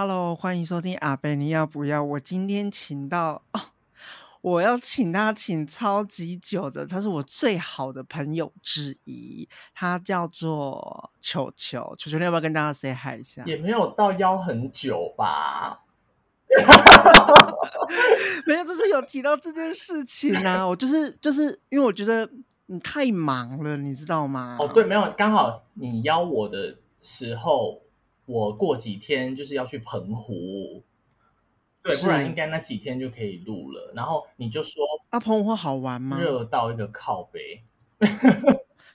Hello，歡迎收聽阿貝。你要不要？我今天請到哦，我要請他請超級久的，他是我最好的朋友之一，他叫做球球。球球，你要不要跟大家 say hi 一下？也沒有到邀很久吧？ 沒有，就是有提到這件事情啊。 我就是就是因為我覺得你太忙了，你知道嗎？哦，對，沒有，剛好你邀我的時候。我過幾天就是要去澎湖，對，不然應該那幾天就可以錄了。然後你就說，阿、啊、澎湖好玩嗎？熱到一個靠北。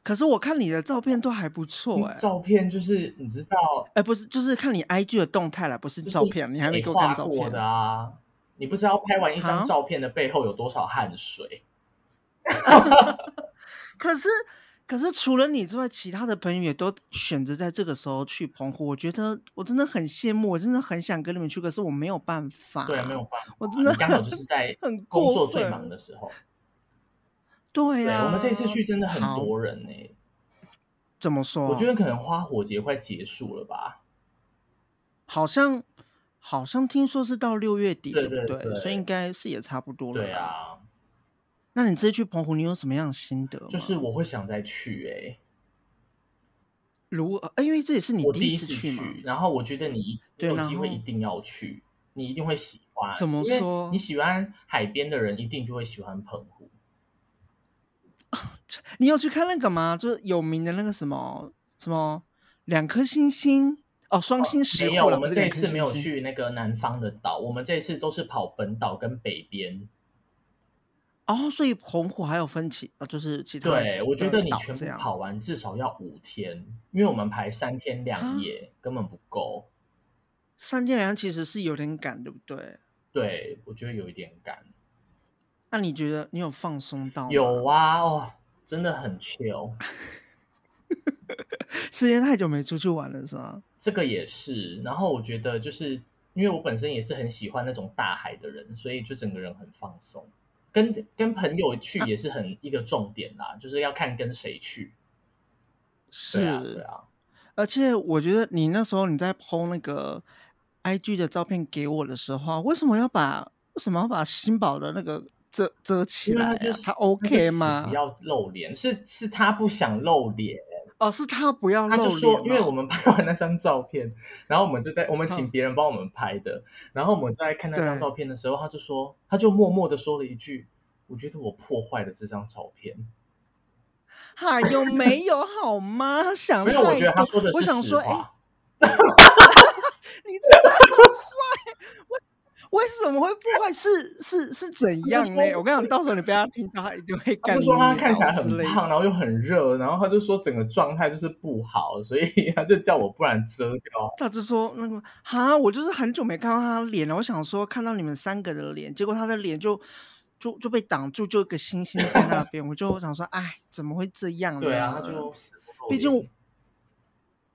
可是我看你的照片都還不錯，欸，照片就是你知道，欸，不是，就是看你 IG 的動態了，不是照片，就是，你還沒給我看過的啊？你不知道拍完一張照片的背後有多少汗水？哈哈哈， 可是，可是除了你之外，其他的朋友也都選擇在這個時候去澎湖。我覺得我真的很羨慕，我真的很想跟你們去，可是我沒有辦法。對啊，沒有辦法。我真的很很過。剛好就是在工作最忙的時候。對啊對。我們這次去真的很多人呢。怎麼說？我覺得可能花火節快結束了吧。好像好像聽說是到六月底對不對。對,對對對，所以應該是也差不多了。對啊。那你這次去澎湖，你有什麼樣的心得嗎？就是我會想再去哎、欸，如呃、啊，因為這也是你第一次去，我第一次去，然後我覺得你，你有機會一定要去，你一定會喜歡。怎麼說？你喜歡海邊的人，一定就會喜歡澎湖。你，澎湖 你有去看那個嗎？就是有名的那個什麼什麼兩顆星星哦，雙星石、啊。沒有，我們這一次沒有去那個南方的島，我們這一次都是跑本島跟北邊。哦，所以澎湖還有分期啊、哦，就是其他對，我覺得你全部跑完至少要五天，因為我們排三天兩夜、啊、根本不夠。三天兩夜其實是有點趕，對不對？對，我覺得有一點趕。那你覺得你有放鬆到嗎？有啊，哦，真的很 chill 哦。 時間太久沒出去玩了，是嗎？這個也是。然後我覺得就是因為我本身也是很喜歡那種大海的人，所以就整個人很放鬆。跟跟朋友去也是很，啊，一個重點啦，啊，就是要看跟誰去。是啊，啊，而且我覺得你那時候你在 PO 那個 I G 的照片給我的時候，為什麼要把為什麼要把新寶的那個遮遮起來，啊因為他就是。他 OK 嗎？那個，不要露臉，是是他不想露臉。老、哦、是他不要，他就說，因為我們拍完那張照片，然後我們就在我們請別人幫我們拍的、啊，然後我們在看那張照片的時候，他就說，他就默默的說了一句，我覺得我破壞了這張照片，還 有 Hi, no, 沒有好嗎？ 想沒有，因為我覺得他說的是實話。我想說、欸、 你這知道。 為什麼會不會，是是是怎樣呢？我跟你講，到時候你不要聽到，他一定會。他說他看起來很胖，然後又很熱，然後他就說整個狀態就是不好，所以他就叫我不然遮掉。他就說那個哈，我就是很久沒看到他的臉了，我想說看到你們三個的臉，結果他的臉就就就被擋住，就一個星星在那邊， 我就想說哎，怎麼會這樣呢？對啊，他就，畢竟。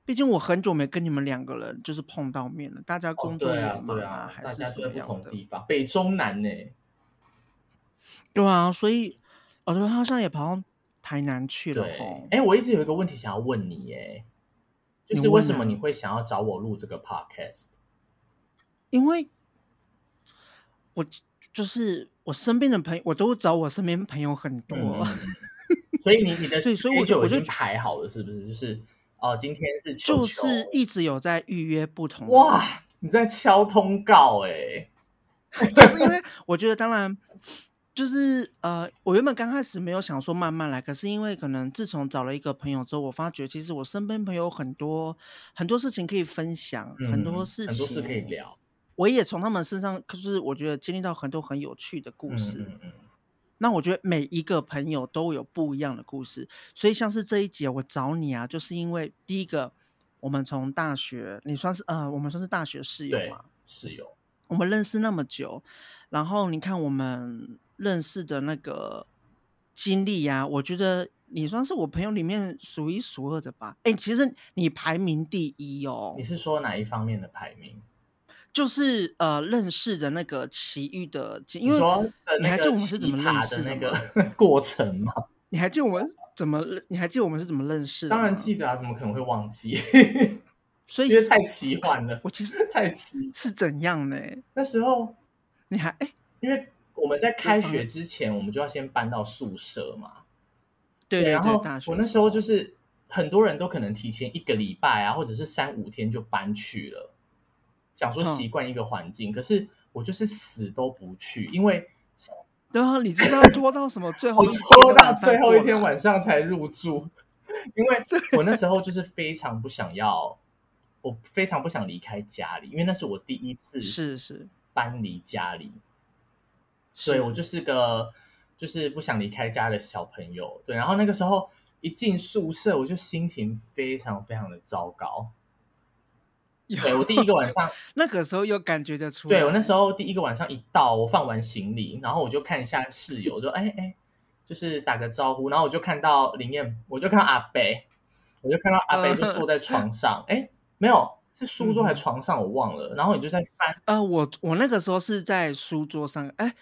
畢竟我很久沒跟你們兩個人就是碰到面了，大家工作啊、哦、對啊對啊，還是在不同的地方，北中南呢、欸。對啊，所以我覺得他好像也跑到台南去了哎、欸，我一直有一個問題想要問你、欸，哎，就是為什麼你會想要找我錄這個 podcast？因為我，我就是我身邊的朋友，我都找我身邊朋友很多，嗯、所以你你的對，所以我就排好了，是不是？就是。哦，今天是球球就是一直有在預約不同哇，你在敲通告哎、欸， 就是因為我覺得當然就是呃，我原本剛開始沒有想說慢慢來，可是因為可能自從找了一個朋友之後，我發覺其實我身邊朋友很多，很多事情可以分享，嗯、很多事情都是可以聊，我也從他們身上，可是我覺得經歷到很多很有趣的故事。嗯嗯嗯那我覺得每一個朋友都有不一樣的故事，所以像是這一集我找你啊，就是因為第一個，我們從大學，你算是呃，我們算是大學室友嘛，室友，我們認識那麼久，然後你看我們認識的那個經歷呀、啊，我覺得你算是我朋友裡面數一數二的吧，哎、欸，其實你排名第一哦，你是說哪一方面的排名？就是呃，認識的那個奇遇的，因為你還記得我們是怎麼認識的那個過程嗎？你還記得我們怎麼？你還記得我們是怎麼認識的？當然記得啊，怎麼可能會忘記？所以 覺得太奇幻了。我覺得太奇是怎樣的、欸？ 那時候你還哎、欸，因為我們在開學之前，我們就要先搬到宿舍嘛。對對對。然後我那時候就是很多人都可能提前一個禮拜啊，或者是三五天就搬去了。想說習慣一個環境，嗯，可是我就是死都不去，因為、嗯、對啊，你知道拖到什麼 最後一天？拖到最後一天晚上才入住，因為我那時候就是非常不想要，我非常不想離開家裡，因為那是我第一次是是搬離家裡，對，我就是個就是不想離開家的小朋友，對，然後那個時候一進宿舍，我就心情非常非常的糟糕。 對，我第一個晚上，那個時候又感覺得出來。對我那時候第一個晚上一到，我放完行李，然後我就看一下室友，就，哎、欸、哎、欸，就是打個招呼。然後我就看到裡面，我就看到阿北，我就看到阿北就坐在床上，哎、 欸，沒有，是書桌還是床上，嗯，我忘了。然後你就在翻。啊、呃，我我那個時候是在書桌上，哎、欸。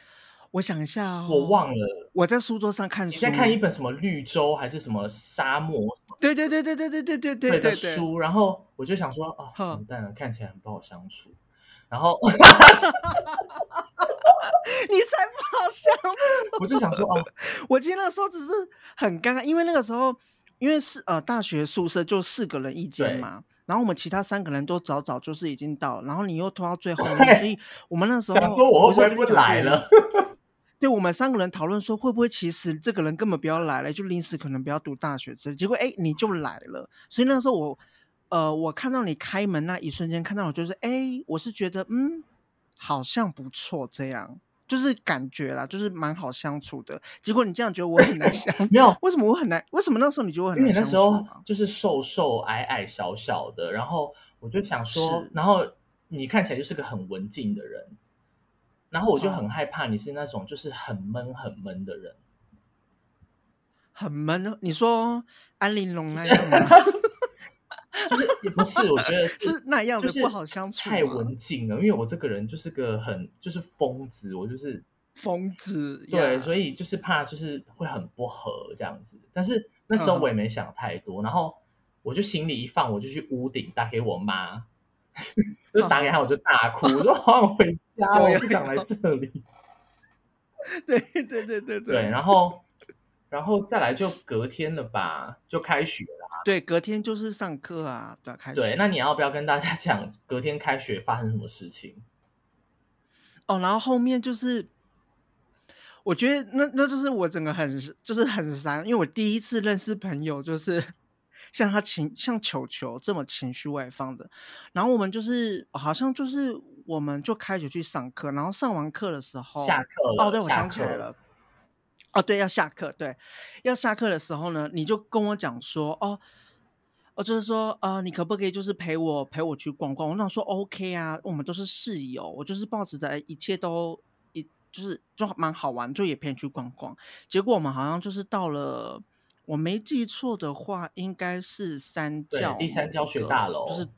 我想一下、哦，我忘了。我在書桌上看，書，我在看一本什麼綠洲還是什麼沙漠麼？對對對對對對對對對的書對對對對，然後我就想說，啊、哦，混蛋，看起來很不好相處。然後， 你才不好相處。 我就想說，啊、哦，我今天那時候只是很尷尬，因為那個時候因為是呃大學宿舍就四個人一間嘛，然後我們其他三個人都早早就是已經到，然後你又拖到最後，所以我們那時候想說，我後邊不來了。 對我們三個人討論說，會不會其實這個人根本不要來了，就臨時可能不要讀大學之類的。結果哎，你就來了。所以那時候我，呃，我看到你開門那一瞬間，看到我就是哎，我是覺得嗯，好像不錯這樣，就是感覺啦，就是蠻好相處的。結果你這樣覺得我很難相 沒有，為什麼我很難？為什麼那時候你覺得我很難相處啊？因為你那時候就是瘦瘦矮矮小小的，然後我就想說，然後你看起來就是個很文靜的人。然後我就很害怕你是那種就是很悶很悶的人，很悶？你說安陵容那樣嗎？ 就是也不是，我覺得是那樣的不好相處，太文靜了。因為我這個人就是個很就是瘋子，我就是瘋子。對，yeah. 所以就是怕就是會很不合這樣子。但是那時候我也沒想太多，uh -huh. 然後我就行李一放，我就去屋頂打給我媽。 就打給他，我就大哭，哦、我說我想回家，哦，我不想來這裡。對對對對對，對。然後，然後再來就隔天了吧，就開學了、啊。對，隔天就是上課啊，對，對那你要不要跟大家講隔天開學發生什麼事情？哦，然後後面就是，我覺得那那就是我整個很就是很傻，因為我第一次認識朋友就是。像他情像球球這麼情緒外放的，然後我們就是、哦、好像就是我們就開始去上課，然後上完課的時候，下課了，哦對，下課我想起來了，哦對，要下課，對，要下課的時候呢，你就跟我講說，哦，哦就是說，啊、呃，你可不可以就是陪我陪我去逛逛？我那時候說 OK 啊，我們都是室友，我就是抱着的一切都一就是就蠻好玩，就也陪你去逛逛。結果我們好像就是到了。我沒記錯的話，應該是三教，第三教學大樓，就是，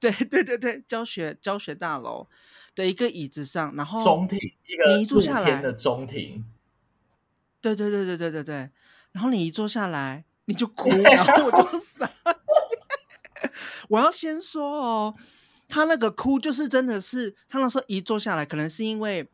對對對對，教學教學大樓的一個椅子上，然後中庭一個露天的中庭，你一坐下來，露天的中庭，對對對對對對對，然後你一坐下來，你就哭，然後我就傻， 我要先說哦，他那個哭就是真的是，他那時候一坐下來，可能是因為。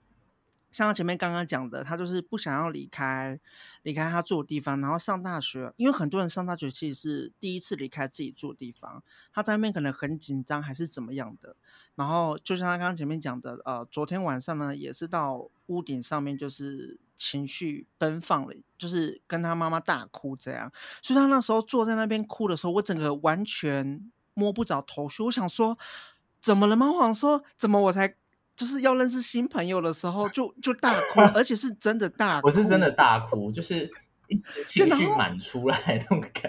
像他前面剛剛講的，他就是不想要離開，離開他住的地方，然後上大學，因為很多人上大學其實是第一次離開自己住的地方，他在那邊可能很緊張還是怎麼樣的。然後就像他剛剛前面講的，呃，昨天晚上呢也是到屋頂上面，就是情緒奔放了，就是跟他媽媽大哭這樣。所以他那時候坐在那邊哭的時候，我整個完全摸不着頭緒，我想說怎麼了嗎？我想說怎麼我才。就是要認識新朋友的時候就，就就大哭， 而且是真的大哭。我是真的大哭，就是情緒滿出來那種感覺。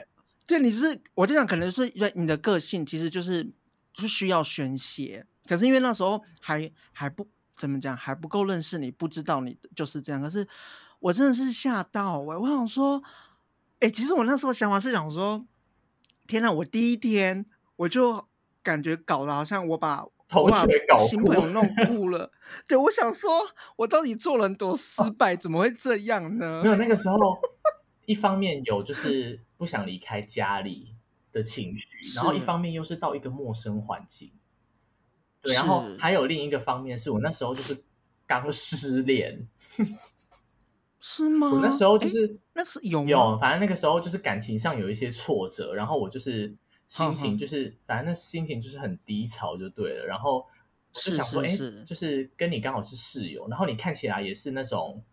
對。對，你是，我就想，可能是因為你的個性其實就是是需要宣洩，可是因為那時候還還不怎麼講，還不夠認識你，不知道你就是這樣。可是我真的是嚇到我，我想說，哎、欸，其實我那時候想法是想說，天吶、啊，我第一天我就感覺搞得，好像我把。同學搞哭，弄哭了。 對，我想說，我到底做人多失敗，啊，怎麼會這樣呢？沒有，那個時候， 一方面有就是不想離開家裡的情緒，然後一方面又是到一個陌生環境，對，然後還有另一個方面是我那時候就是剛失戀， 是嗎？我那時候就是，那是有有，反正那個時候就是感情上有一些挫折，然後我就是。心情就是，反、嗯、正、嗯、那心情就是很低潮就對了。然後我就想說，哎、欸，就是跟你剛好是室友，然後你看起來也是那種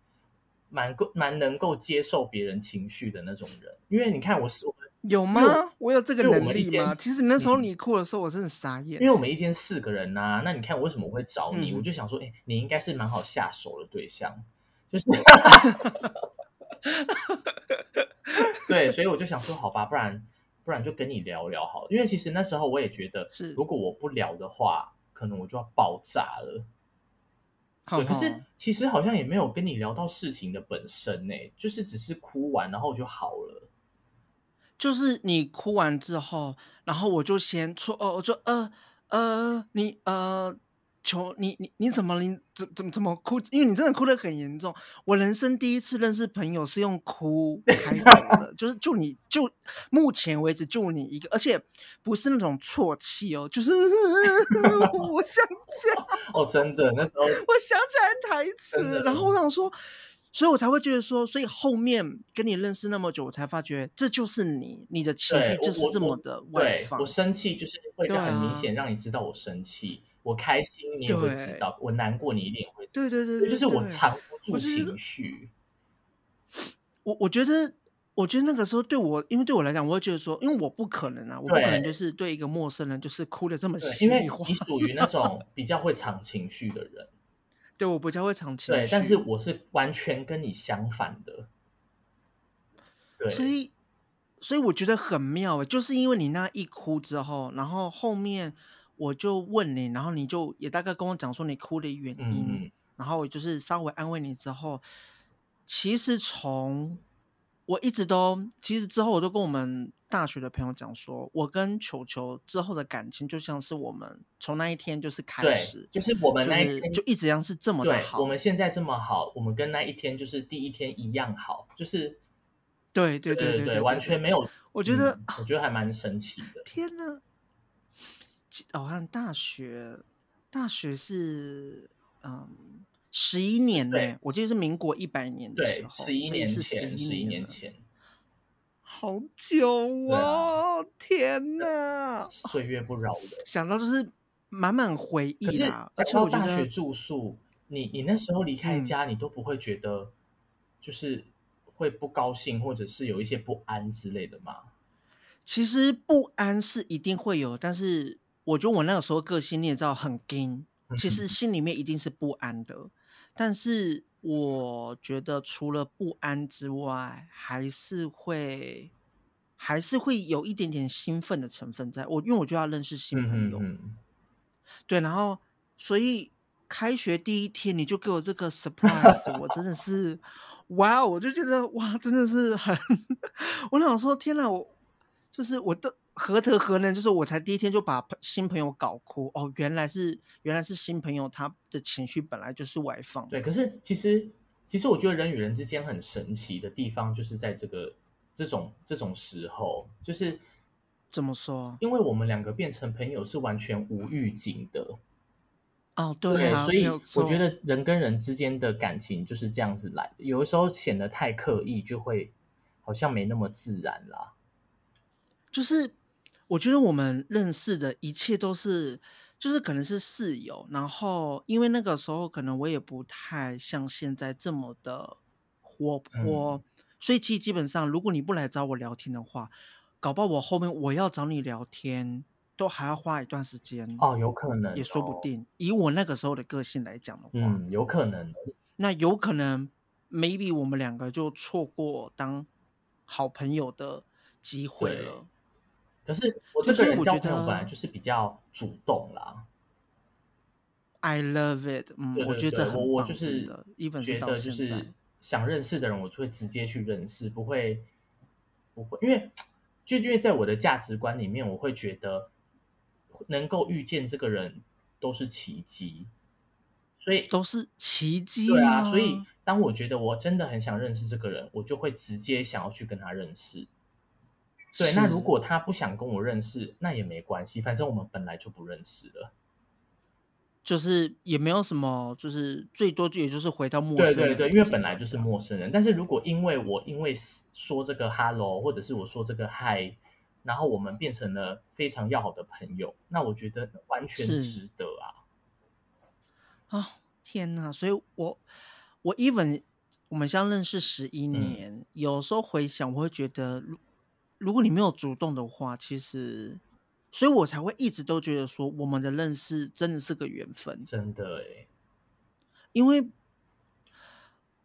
蠻夠蠻能夠接受別人情緒的那種人，因為你看我是有，有嗎我？我有這個能力嗎、嗯？其實你那時候你哭的時候，我真的傻眼、欸。因為我們一間四個人吶、啊，那你看我為什麼會找你？嗯、我就想說，哎、欸，你應該是蠻好下手的對象，就是， 對，所以我就想說，好吧，不然。不然就跟你聊聊好了，因為其實那時候我也覺得，是如果我不聊的話，可能我就要爆炸了好好。對，可是其實好像也沒有跟你聊到事情的本身誒、欸，就是只是哭完然後就好了。就是你哭完之後，然後我就先說，哦，我就呃呃，你呃。求你你你怎麼你怎怎怎麼哭？因為你真的哭得很嚴重。我人生第一次認識朋友是用哭 就是就你就目前為止就你一個，而且不是那種啜泣哦，就是 我想起來哦，真的那時候我想起來台詞，然後我想說，所以我才會覺得說，所以後面跟你認識那麼久，我才發覺這就是你，你的情緒就是這麼的外放。我生氣就是會很明顯讓你知道我生氣。我開心你也會知道，我難過你一定也會知道。對對對對，就是我藏不住情緒。我覺我覺得，我覺得那個時候對我，因為對我來講，我會覺得說，因為我不可能啊，我不可能就是對一個陌生人就是哭的這麼。因為你屬於那種比較會藏情緒的人。 對，我比較會藏情緒，對，但是我是完全跟你相反的。對，所以所以我覺得很妙啊、欸，就是因為你那一哭之後，然後後面。我就問你，然後你就也大概跟我講說你哭的原因、嗯，然後就是稍微安慰你之後，其實從我一直都，其實之後我就跟我們大學的朋友講說，我跟球球之後的感情就像是我們從那一天就是開始，就是、就是我們那一天就一直像是這麼好對，我們現在這麼好，我們跟那一天就是第一天一樣好，就是對對、對對對對對，完全沒有，我覺得、嗯、我覺得還蠻神奇的，天哪。好、哦、像大學，大學是嗯十一年呢、欸，我記得是民國一百年的時候，對，十一年前，十一年，年前，好久、哦、啊，天哪、啊，歲月不饒人。想到就是滿滿回憶。而且我大學住宿，嗯、你你那時候離開家、嗯，你都不會覺得就是會不高興，或者是有一些不安之類的嗎？其實不安是一定會有，但是。我覺得我那個時候個性你也知道很硬，其實心裡面一定是不安的。但是我覺得除了不安之外，還是會還是會有一點點興奮的成分在我，因為我就要認識新朋友。嗯嗯嗯。對，然後所以開學第一天你就給我這個 surprise，我真的是，哇、 wow,！我就覺得哇，真的是很， 我老說天哪，我就是我的。何德何能？就是我才第一天就把新朋友搞哭，哦，原來是原來是新朋友，他的情緒本來就是外放。對，可是其實其實我覺得人與人之間很神奇的地方，就是在這個這種這種時候，就是怎麼說？因為我們兩個變成朋友是完全無預警的。哦，對啊，對，所以我覺得人跟人之間的感情就是這樣子來，有的時候顯得太刻意，就會好像沒那麼自然啦。就是。我覺得我們認識的一切都是，就是可能是室友。然後，因為那個時候可能我也不太像現在這麼的活潑、嗯，所以其實基本上如果你不來找我聊天的話，搞不好我後面我要找你聊天都還要花一段時間。哦，有可能，也說不定。哦、以我那個時候的個性來講的話，嗯，有可能。那有可能，maybe 我們兩個就錯過當好朋友的機會了。可是我這個人交朋友本來就是比較主動啦。就是、對對對，I love it。嗯，我覺得我我就是覺得就是想認識的人，我就會直接去認識，不會不會，因為就因為在我的價值觀裡面，我會覺得能夠遇見這個人都是奇跡，所以都是奇跡啊。對啊，所以當我覺得我真的很想認識這個人，我就會直接想要去跟他認識。對，那如果他不想跟我認識，那也沒關係，反正我們本來就不認識了，就是也沒有什麼，就是最多也就是回到陌生。對對對，因為本來就是陌生、陌生人。但是如果因為我因為說這個 hello，或者是我說這個嗨，然後我們變成了非常要好的朋友，那我覺得完全值得啊。啊、哦，天哪！所以我，我我 even 我們像認識十一年，嗯，有時候回想，我會覺得。如果你沒有主動的話，其實，所以我才會一直都覺得說，我們的認識真的是個緣分。真的、欸、因為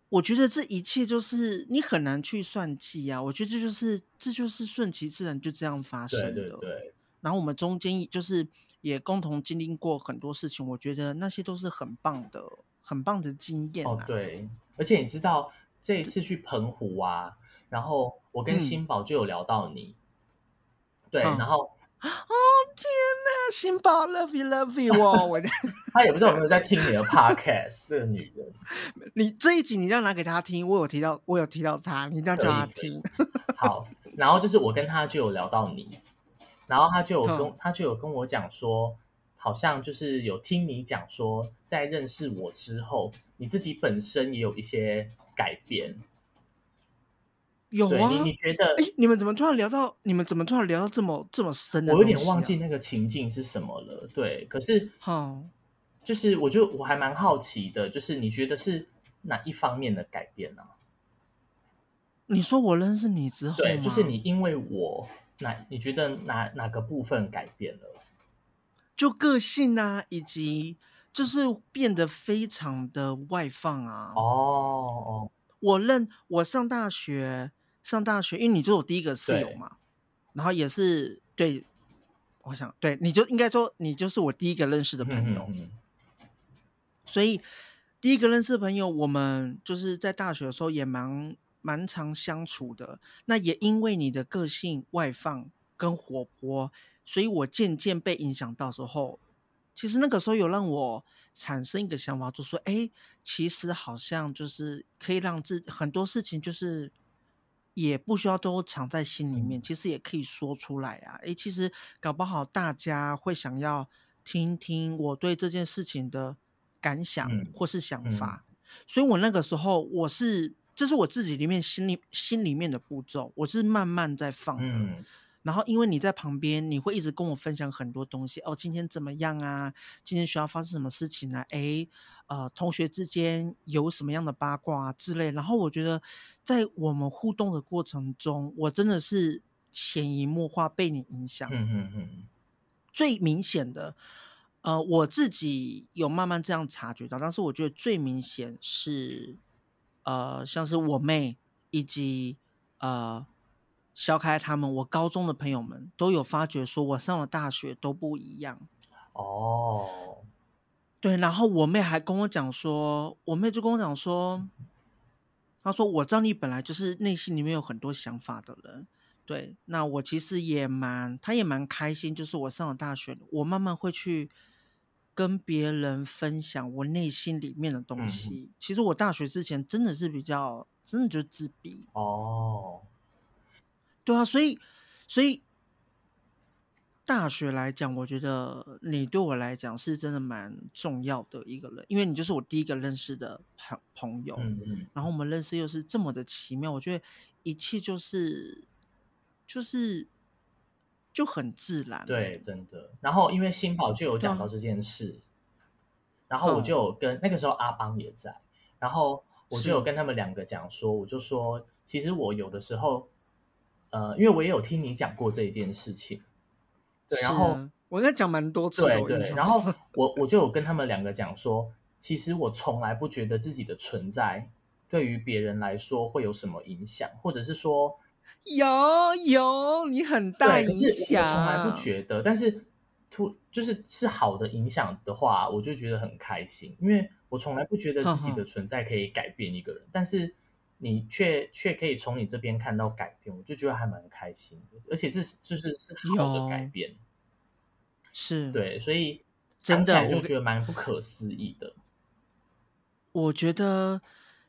我覺得這一切就是你很難去算計啊。我覺得這就是這就是順其自然就這樣發生的。對對對。然後我們中間就是也共同經歷過很多事情，我覺得那些都是很棒的很棒的經驗、啊。哦，對。而且你知道，這一次去澎湖啊，然後。我跟新寶就有聊到你，嗯、對、嗯，然後，哦、oh, 天吶，新寶，love you，love you，, Love you 我， 他也不知道我有在聽你的 podcast， 這個女人，你這一集你要拿給他聽，我有提到，我有提到他，你一定要叫他聽，好，然後就是我跟他就有聊到你， 然後他就有跟，他就有跟我講說，好像就是有聽你講說，在認識我之後，你自己本身也有一些改變。有啊，對你你覺得？哎、欸，你們怎麼突然聊到？你們怎麼突然聊到這麼這麼深呢、啊？我有點忘記那個情境是什麼了。對，可是好、嗯，就是我就我還蠻好奇的，就是你覺得是哪一方面的改變呢、啊？你說我認識你之後，對，就是你因為我哪，你覺得哪哪個部分改變了？就個性啊，以及就是變得非常的外放啊。哦哦，我認我上大學，上大學，因為你就是我第一個室友嘛，然後也是對，我想對，你就應該說你就是我第一個認識的朋友，嗯嗯嗯，所以第一個認識的朋友，我們就是在大學的時候也蠻蠻常相處的。那也因為你的個性外放跟活潑，所以我漸漸被影響到時候其實那個時候有讓我產生一個想法，就說，哎、欸，其實好像就是可以讓自很多事情就是。也不需要都藏在心裡面，嗯、其實也可以說出來啊。誒、欸，其實搞不好大家會想要聽聽我對這件事情的感想或是想法，嗯嗯、所以我那個時候我是，這是、就是我自己裡面心裡心裡面的步驟，我是慢慢在放的。嗯然後因為你在旁邊，你會一直跟我分享很多東西哦，今天怎麼樣啊？今天學校發生什麼事情了啊？哎，呃，同學之間有什麼樣的八卦啊之類？然後我覺得，在我們互動的過程中，我真的是潛移默化被你影響。嗯嗯嗯。最明顯的，呃，我自己有慢慢這樣察覺到，但是我覺得最明顯是，呃，像是我妹以及呃。小凱他們，我高中的朋友們都有發覺，說我上了大學都不一樣。哦、oh.。對，然後我妹還跟我講說，我妹就跟我講說，她說我知道你本來就是內心裡面有很多想法的人，對，那我其實也蠻，她也蠻開心，就是我上了大學，我慢慢會去跟別人分享我內心裡面的東西。Mm -hmm. 其實我大學之前真的是比較，真的就是自閉。哦、oh.。對啊，所以所以大學來講，我覺得你對我來講是真的蠻重要的一個人，因為你就是我第一個認識的朋朋友。嗯嗯。然後我們認識又是這麼的奇妙，我覺得一切就是就是就很自然。對，真的。然後因為新寶就有講到這件事，啊、然後我就有跟，嗯、那個時候阿邦也在，然後我就有跟他們兩個講說，我就說，其實我有的時候。呃，因為我也有聽你講過這一件事情，對，啊、然後我在講蠻多次的，對對， 然後我我就有跟他們兩個講說，其實我從來不覺得自己的存在對於別人來說會有什麼影響，或者是說有有你很大影響，我從來不覺得。 但是突就是是好的影響的話，我就覺得很開心，因為我從來不覺得自己的存在可以改變一個人， 個人但是。你卻卻可以從你這邊看到改變，我就覺得還蠻開心的，而且這是這是這是好的改變，是對，所以真的我就覺得蠻不可思議的。我覺得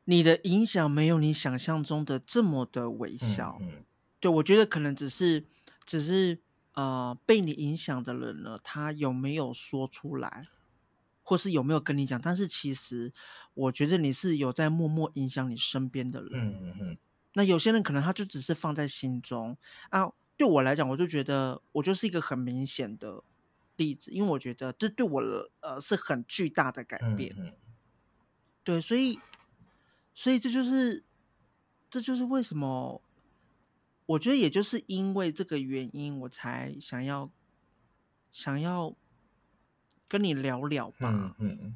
你的影響沒有你想象中的這麼的微小、嗯嗯、對我覺得可能只是只是呃被你影響的人呢，他有沒有說出來？或是有沒有跟你講？但是其實我覺得你是有在默默影響你身邊的人。嗯嗯。那有些人可能他就只是放在心中啊。對我來講，我就覺得我就是一個很明顯的例子，因為我覺得這對我呃是很巨大的改變。嗯。對，所以所以這就是這就是為什麼我覺得也就是因為這個原因，我才想要想要。跟你聊聊吧。嗯嗯，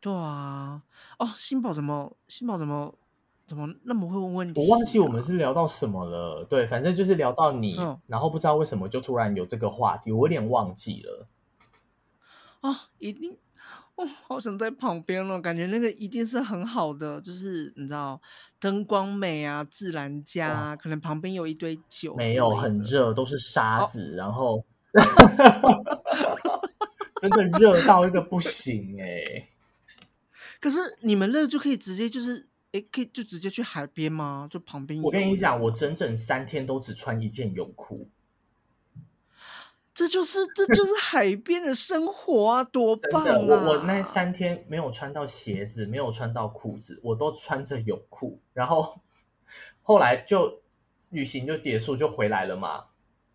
對啊。哦，新寶怎麼，新寶怎麼，怎麼那麼會問問題、啊？我忘記我們是聊到什麼了。對，反正就是聊到你、嗯，然後不知道為什麼就突然有這個話題，我有點忘記了。哦，一定，哦，好想在旁邊了，感覺那個一定是很好的，就是你知道，燈光美啊，自然家、啊嗯，可能旁邊有一堆酒。沒有，很熱，都是沙子，哦、然後。 真的熱到一個不行哎、欸！ 可是你們熱就可以直接就是誒可以就直接去海邊嗎？就旁邊。我跟你講，我整整三天都只穿一件泳褲， 這就是這就是海邊的生活啊， 多棒！真的，我我那三天沒有穿到鞋子，沒有穿到褲子，我都穿着泳褲。然後後來就旅行就結束就回來了嘛，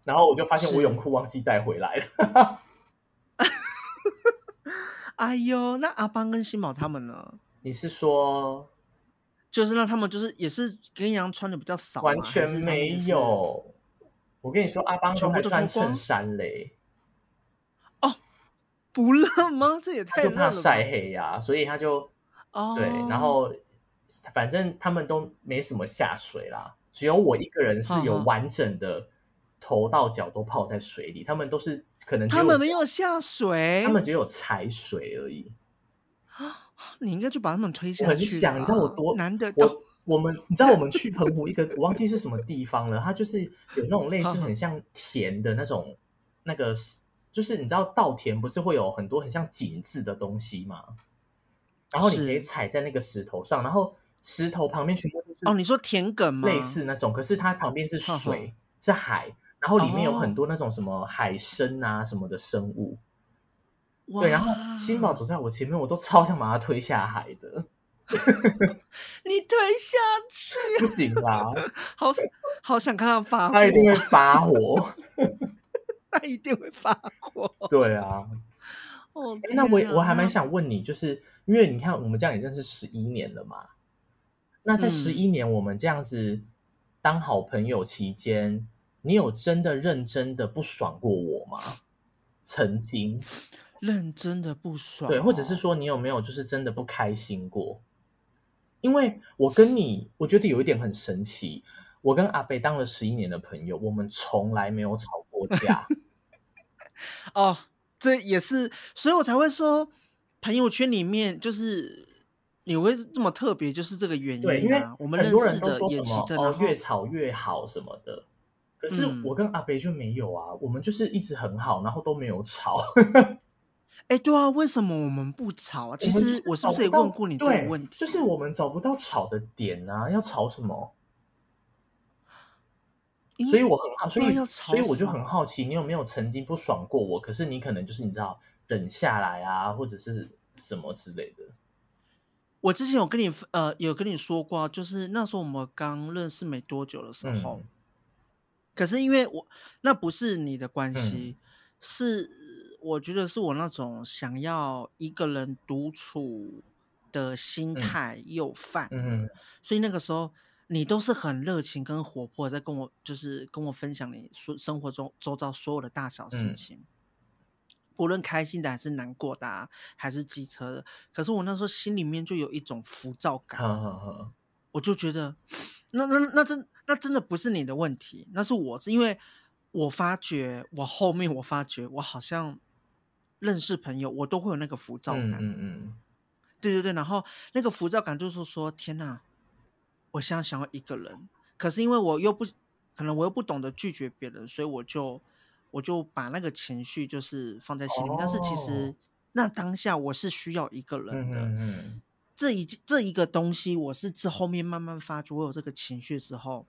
然後我就發現我泳褲忘記帶回來了。 哎呦，那阿邦跟新寶他們呢？你是說，就是那他們就是也是跟羊穿的比較少，完全沒有、就是。我跟你說，阿邦都還穿襯衫嘞。哦，不熱嗎？這也太。他就怕曬黑呀、啊，所以他就，哦，對，然後反正他們都沒什麼下水啦，只有我一個人是有完整的頭到腳都泡在水裡，啊啊他們都是。可能只只他們沒有下水，他們只有踩水而已。你應該就把他們推下去。我很想，你知道我多難得。哦。我我們，你知道我們去澎湖一個， 我忘記是什麼地方了。它就是有那種類似很像田的那種，呵呵那個就是你知道稻田不是會有很多很像井字的東西嗎？然後你可以踩在那個石頭上，然後石頭旁邊全部都是。哦，你說田埂嗎？類似那種，可是它旁邊是水。呵呵是海，然後裡面有很多那種什麼海參啊、oh. 什麼的生物。Wow. 對，然後新寶走在我前面，我都超想把他推下海的。 你推下去？不行啦，好，好想看他發火，他一定會發火。 他一定會發火。 他一定會發火。對啊。Oh, 那我我還蠻想問你，就是因為你看我們這樣也認識十一年了嘛，那在十一年我們這樣子。嗯當好朋友期間，你有真的認真的不爽過我嗎？曾經，認真的不爽、哦，對，或者是說你有沒有就是真的不開心過？因為我跟你，我覺得有一點很神奇，我跟阿北當了十一年的朋友，我們從來沒有吵過架。 哦，這也是，所以我才會說，朋友圈裡面就是。你會這麼特別，就是這個原因、啊。對，因為我們認識的很多人都說什麼“哦、越吵越好”什麼的，可是我跟阿北就沒有啊、嗯。我們就是一直很好，然後都沒有吵。哎、 欸，對啊，為什麼我們不吵啊？其實我是不是也問過你這個問題，就是，就是我們找不到吵的點啊，要吵什,什麼？所以我很好，所以所以我就很好奇，你有沒有曾經不爽過我？可是你可能就是你知道忍下來啊，或者是什麼之類的。我之前有跟你呃有跟你說過，就是那時候我們剛認識沒多久的時候，嗯、可是因為我那不是你的關係、嗯,是我覺得是我那種想要一個人獨處的心態又犯、嗯嗯,所以那個時候你都是很熱情跟活潑，在跟我就是跟我分享你所生活中周遭所有的大小事情。嗯無論開心的還是難過的啊，還是機車的，可是我那時候心裡面就有一種浮躁感。好好好。我就覺得，那那那，那真那真的不是你的問題，那是我，是因為，我發覺我後面我發覺我好像，認識朋友我都會有那個浮躁感。嗯嗯嗯。對對對，然後那個浮躁感就是說，天啊，我現在想要一個人，可是因為我又不，可能我又不懂得拒絕別人，所以我就。我就把那個情緒就是放在心裡、哦、但是其實那當下我是需要一個人的。嗯、哼哼這一這一個東西我是之後面慢慢發覺，我有這個情緒之後，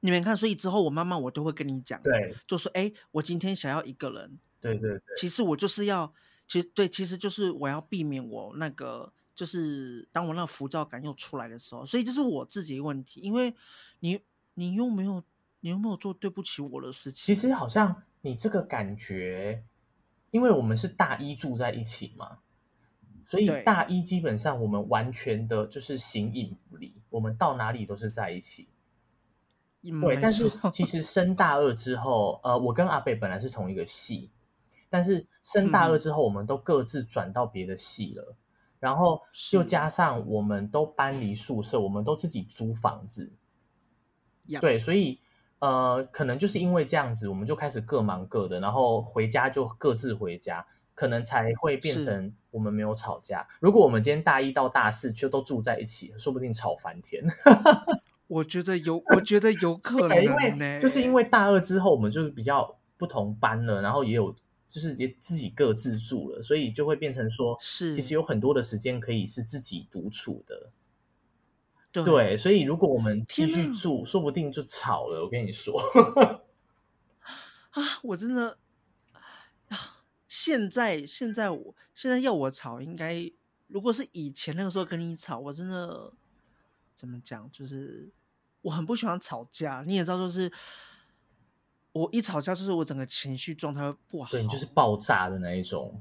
你們看，所以之後我慢慢我都會跟你講，對，就說哎，我今天想要一個人。對對對，其實我就是要，其實對，其實就是我要避免我那個，就是當我那個浮躁感又出來的時候，所以這是我自己的問題，因為你你又沒有。你有沒有做對不起我的事情？其實好像你這個感覺，因為我們是大一住在一起嘛，所以大一基本上我們完全的就是形影不離，我們到哪裡都是在一起。對，但是其實升大二之後，呃，我跟阿北本來是同一個系，但是升大二之後，我們都各自轉到別的系了，嗯，然後又加上我們都搬離宿舍，我們都自己租房子，yeah. 對，所以。呃，可能就是因為這樣子，我們就開始各忙各的，然後回家就各自回家，可能才會變成我們沒有吵架。如果我們今天大一到大四就都住在一起，說不定吵翻天。 我覺得有，我覺得有可能， 就是因為大二之後我們就比較不同班了，然後也有就是也自己各自住了，所以就會變成說，是，其實有很多的時間可以是自己獨處的。對，對，所以如果我們繼續住，啊，說不定就吵了。我跟你說，呵呵啊，我真的，啊，現在現在我現在要我吵，應該如果是以前那個時候跟你吵，我真的怎麼講，就是我很不喜歡吵架。你也知道，就是我一吵架，就是我整個情緒狀態會不好。對，就是爆炸的那一種。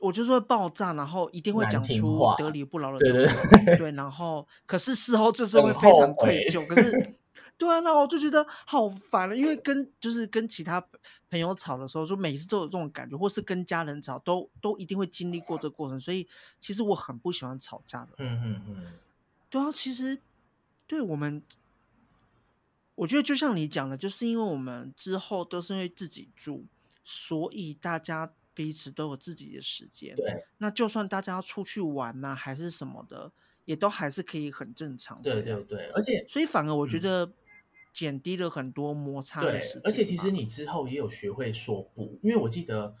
我就說爆炸，然後一定會講出得理不饒人，對對對，對， 對，然後可是事後就是會非常愧疚，可是，對啊，那我就覺得好煩啊， 因為跟就是跟其他朋友吵的時候，就每次都有這種感覺，或是跟家人吵，都都一定會經歷過這個過程，所以其實我很不喜歡吵架的。嗯嗯嗯，對啊，其實對我們，我覺得就像你講的，就是因為我們之後都是因為自己住，所以大家。彼此都有自己的時間，對。那就算大家出去玩吶，啊，還是什麼的，也都還是可以很正常的。對對對。而且，所以反而我覺得減低了很多摩擦，嗯。對，而且其實你之後也有學會說不，因為我記得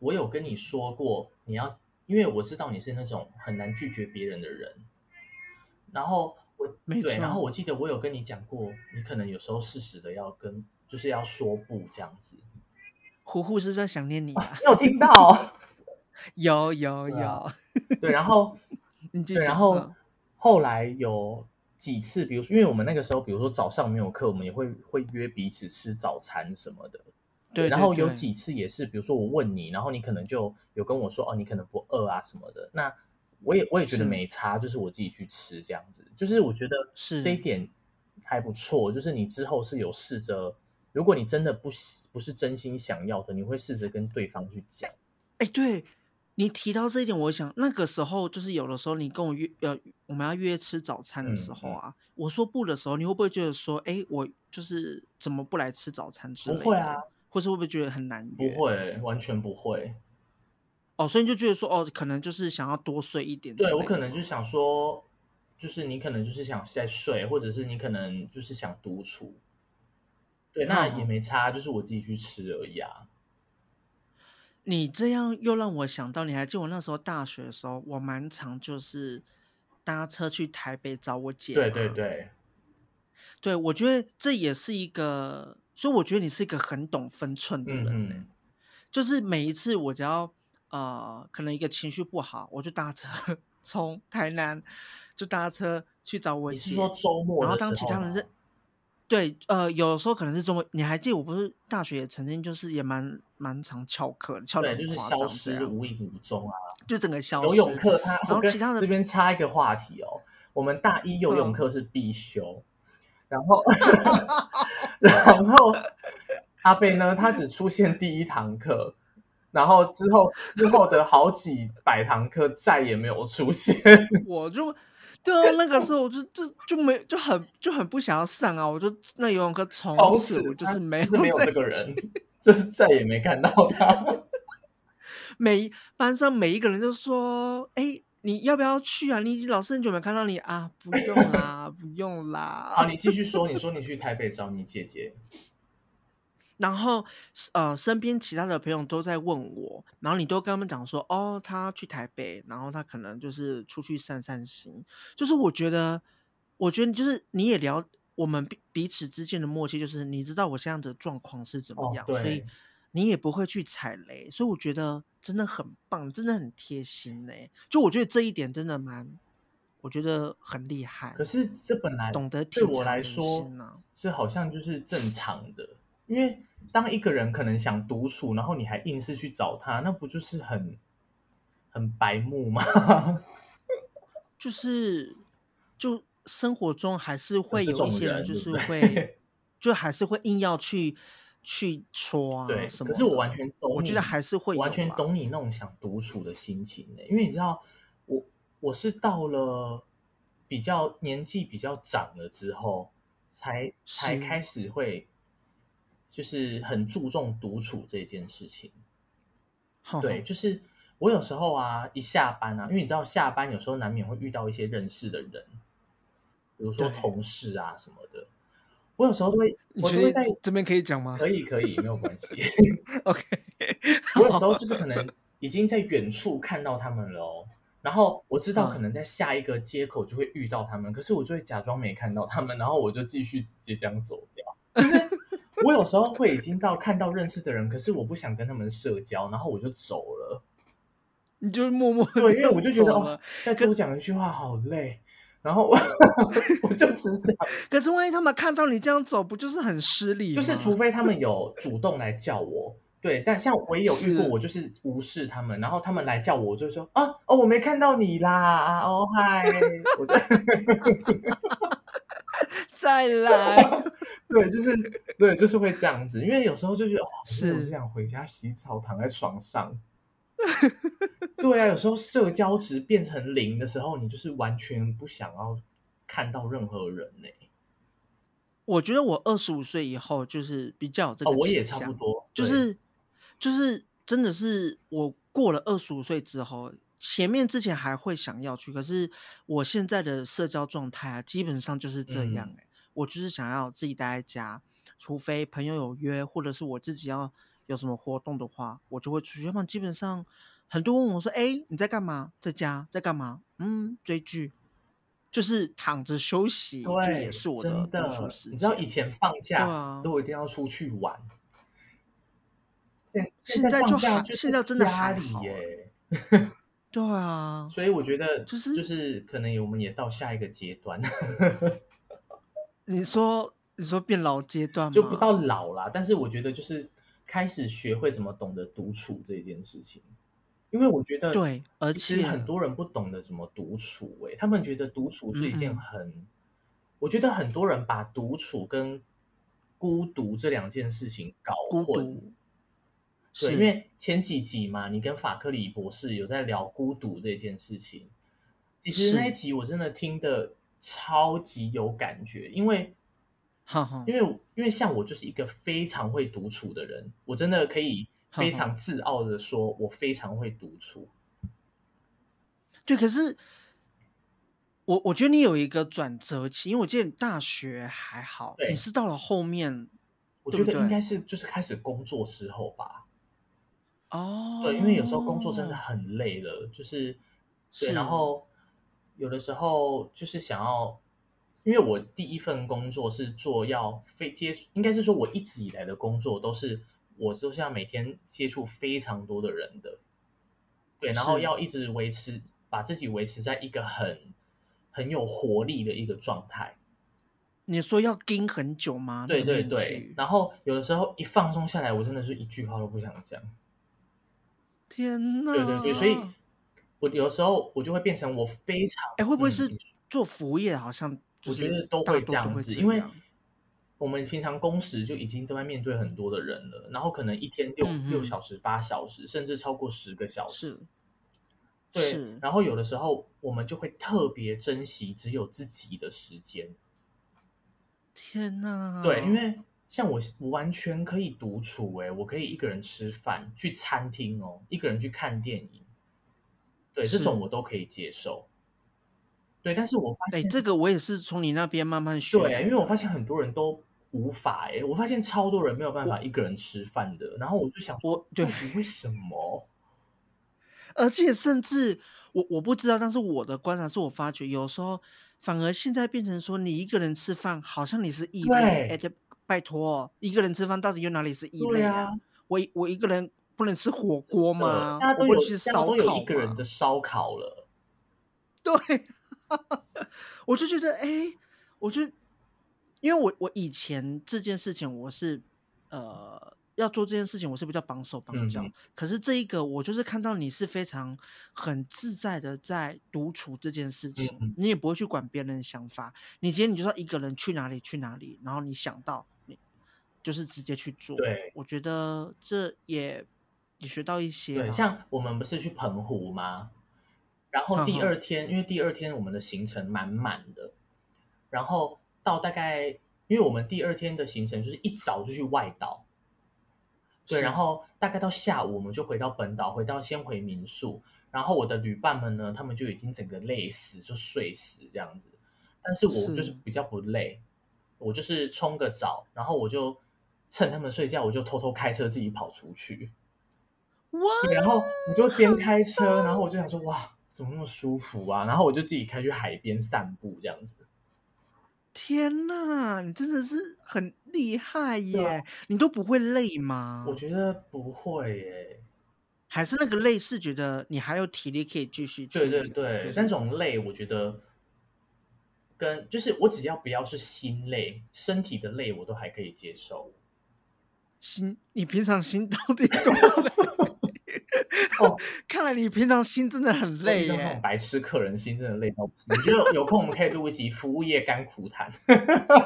我有跟你說過，你要，因為我知道你是那種很難拒絕別人的人。然後我，沒錯。然後我記得我有跟你講過，你可能有時候適時的要跟，就是要說不這樣子。虎虎是，是在想念你，啊，啊，沒有聽到，哦 有？有有有，嗯，對，然後 對，然後，嗯，後來有幾次，比如說，因為我們那個時候，比如說早上沒有課，我們也會會約彼此吃早餐什麼的。對，對，對。然後有幾次也是，比如說我問你，然後你可能就有跟我說，哦，你可能不餓啊什麼的。那我也我也覺得沒差，就是我自己去吃這樣子，就是我覺得是。這一點還不錯，就是你之後是有試着。如果你真的不不是真心想要的，你會試着跟對方去講。哎、欸，對，你提到這一點，我想那個時候就是有的時候你跟我約呃，我們要約吃早餐的時候啊、嗯，我說不的時候，你會不會覺得說，哎、欸，我就是怎麼不來吃早餐之類？不會啊，或是會不會覺得很難？不會，完全不會。哦，所以你就覺得說，哦，可能就是想要多睡一點。對，我可能就想說，就是你可能就是想再睡，或者是你可能就是想獨處。對，那也沒差，啊，就是我自己去吃而已啊。你這樣又讓我想到，你還記得我那時候大學的時候，我蠻常就是搭車去台北找我姐。對對對。對，我覺得這也是一個，所以我覺得你是一個很懂分寸的人。嗯嗯。就是每一次我只要呃，可能一個情緒不好，我就搭車從台南就搭車去找我姐。你是說周末？然後當其他人對，呃，有時候可能是中文你還記得我不是大學曾經就是也蠻蠻常翹課的，翹臉對就是消失無影無蹤啊，就整個消失。游泳課他，然後,這邊,、哦、然後其他的這邊插一個話題哦，我們大一游泳課是必修，嗯、然後 然後, 然後阿貝呢，他只出現第一堂課，然後之後之後的好幾百堂課再也沒有出現，我就。對啊，那個時候我就就就沒就很就很不想要上啊！我就那游泳課從此就是沒有，是沒有這個人， 就是再也沒看到他。每班上每一個人就說：“哎，你要不要去啊？你老師很久沒看到你啊！”不用啦，啊， 不用啦。啊，你繼續說，你說你去台北找你姐姐。 然後，呃，身邊其他的朋友都在問我，然後你都跟他們講說，哦，他去台北，然後他可能就是出去散散心。就是我覺得，我覺得就是你也聊我們彼此之間的默契，就是你知道我現在的狀況是怎麼樣、哦對，所以你也不會去踩雷。所以我覺得真的很棒，真的很貼心呢、欸。就我覺得這一點真的蠻，我覺得很厲害。可是這本來，懂得啊、對我來說是好像就是正常的。因為當一個人可能想獨處，然後你還硬是去找他，那不就是很很白目嗎？ 就是就生活中還是會有一些人，就是會就還是會硬要去去戳啊什麼的。對，可是我完全懂你，我覺得還是會完全懂你那種想獨處的心情的欸。因為你知道，我我是到了比較年紀比較長了之後，才才開始會。就是很注重獨處這件事情。好好，對，就是我有時候啊一下班啊，因為你知道下班有時候難免會遇到一些認識的人，比如說同事啊什麼的，我有時候都會，我就會在這邊可以講嗎？可以可以，沒有關係。 OK，我有時候就是可能已經在遠處看到他們了，哦，然後我知道可能在下一個街口就會遇到他們，嗯、可是我就會假裝沒看到他們，然後我就繼續直接這樣走掉，是。 我有時候會已經到看到認識的人，可是我不想跟他們社交，然後我就走了。你就是默默對，因為我就覺得哦，再跟我講一句話好累，然後我， 我就只想。可是萬一他們看到你這樣走，不就是很失禮嗎？就是除非他們有主動來叫我， 對。但像我也有遇過，我就是無視他們，然後他們來叫我，我就說啊哦我沒看到你啦，哦嗨，我就 再來，對，就是對，就是會這樣子，因為有時候就覺得，是，我、哦、想回家洗澡，躺在床上。 對啊，有時候社交值變成零的時候，你就是完全不想要看到任何人呢、欸。我覺得我二十五歲以後就是比較有這個、哦，我也差不多，就是就是真的是我過了二十五歲之後，前面之前還會想要去，可是我現在的社交狀態啊，基本上就是這樣哎、欸。嗯我就是想要自己待在家，除非朋友有約，或者是我自己要有什麼活動的話，我就會出去，基本上，很多人問我說：“哎、欸，你在幹嘛？在家在幹嘛？”嗯，追劇，就是躺着休息，這、就是、也是我的。真的，你知道以前放假對、啊、都一定要出去玩，現在放假就是在家裡耶。對啊， 所以我覺得就是就是可能我們也到下一個階段。 你說，你說變老階段嗎？就不到老啦，但是我覺得就是開始學會怎麼懂得獨處這件事情，因為我覺得對，而且很多人不懂得怎麼獨處哎、欸，他們覺得獨處是一件很嗯嗯，我覺得很多人把獨處跟孤獨這兩件事情搞混，對，因為前幾集嘛，你跟法克里博士有在聊孤獨這件事情，其實那一集我真的聽得。超級有感覺，因為，呵呵因為因為像我就是一個非常會獨處的人，我真的可以非常自傲的說，呵呵我非常會獨處。對，可是，我我覺得你有一個轉折期，因為我記得你大學還好，你是到了後面，我覺得應該是對對就是開始工作之後吧。哦，對，因為有時候工作真的很累了，就是，對，然後。有的時候就是想要，因為我第一份工作是做要非接，應該是說我一直以來的工作都是，我就是要每天接觸非常多的人的。對，然後要一直維持，把自己維持在一個很很有活力的一個狀態。你說要盯很久嗎？那個？對對對。然後有的時候一放鬆下來，我真的是一句話都不想講。天哪、啊。對對對，所以。有時候我就會變成我非常哎、嗯，會不會是做服務業，好像我覺得都會這樣子，因為我們平常工時就已經都在面對很多的人了，然後可能一天六、嗯、六小時、八小時，甚至超過十個小時，對。然後有的時候我們就會特別珍惜只有自己的時間。天哪！對，因為像我我完全可以獨處、欸，哎，我可以一個人吃飯，去餐廳哦，一個人去看電影。對，這種我都可以接受。對，但是我發現，哎、欸，這個我也是從你那邊慢慢學。對，因為我發現很多人都無法、欸，哎，我發現超多人沒有辦法一個人吃飯的。然後我就想說，說，對，為什麼？而且甚至，我我不知道，但是我的觀察是我發覺，有時候反而現在變成說，你一個人吃飯，好像你是異類。哎，就、欸、拜託，一個人吃飯到底有哪裡是異類啊？啊我我一個人。不能吃火鍋嗎？現在都有，現在都有一個人的燒烤了。對， 我就覺得哎、欸，我就因為我我以前這件事情我是呃要做這件事情我是比較綁手綁腳、嗯，可是這一個我就是看到你是非常很自在的在獨處這件事情、嗯，你也不會去管別人的想法，你今天你就算一個人去哪裡去哪裡，然後你想到你就是直接去做。對，我覺得這也。你學到一些，啊，對，像我們不是去澎湖嗎？然後第二天，嗯，因為第二天我們的行程滿滿的，然後到大概，因為我們第二天的行程就是一早就去外島，對，然後大概到下午我們就回到本島，回到先回民宿，然後我的旅伴們呢，他們就已經整個累死，就睡死這樣子，但是我就是比較不累，我就是沖個澡，然後我就趁他們睡覺，我就偷偷開車自己跑出去。What? 然後你就邊開車，然後我就想說哇，怎麼那麼舒服啊？然後我就自己開去海邊散步這樣子。天哪，你真的是很厲害耶！啊、你都不會累嗎？我覺得不會耶。還是那個累是覺得你還有體力可以繼續。對對對、就是，那種累我覺得跟就是我只要不要是心累，身體的累我都還可以接受。心，你平常心到底多累？ 哦，看來你平常心真的很累耶！哦、白痴客人心真的累到不行。你覺得有空我們可以錄一集《服務業甘苦談》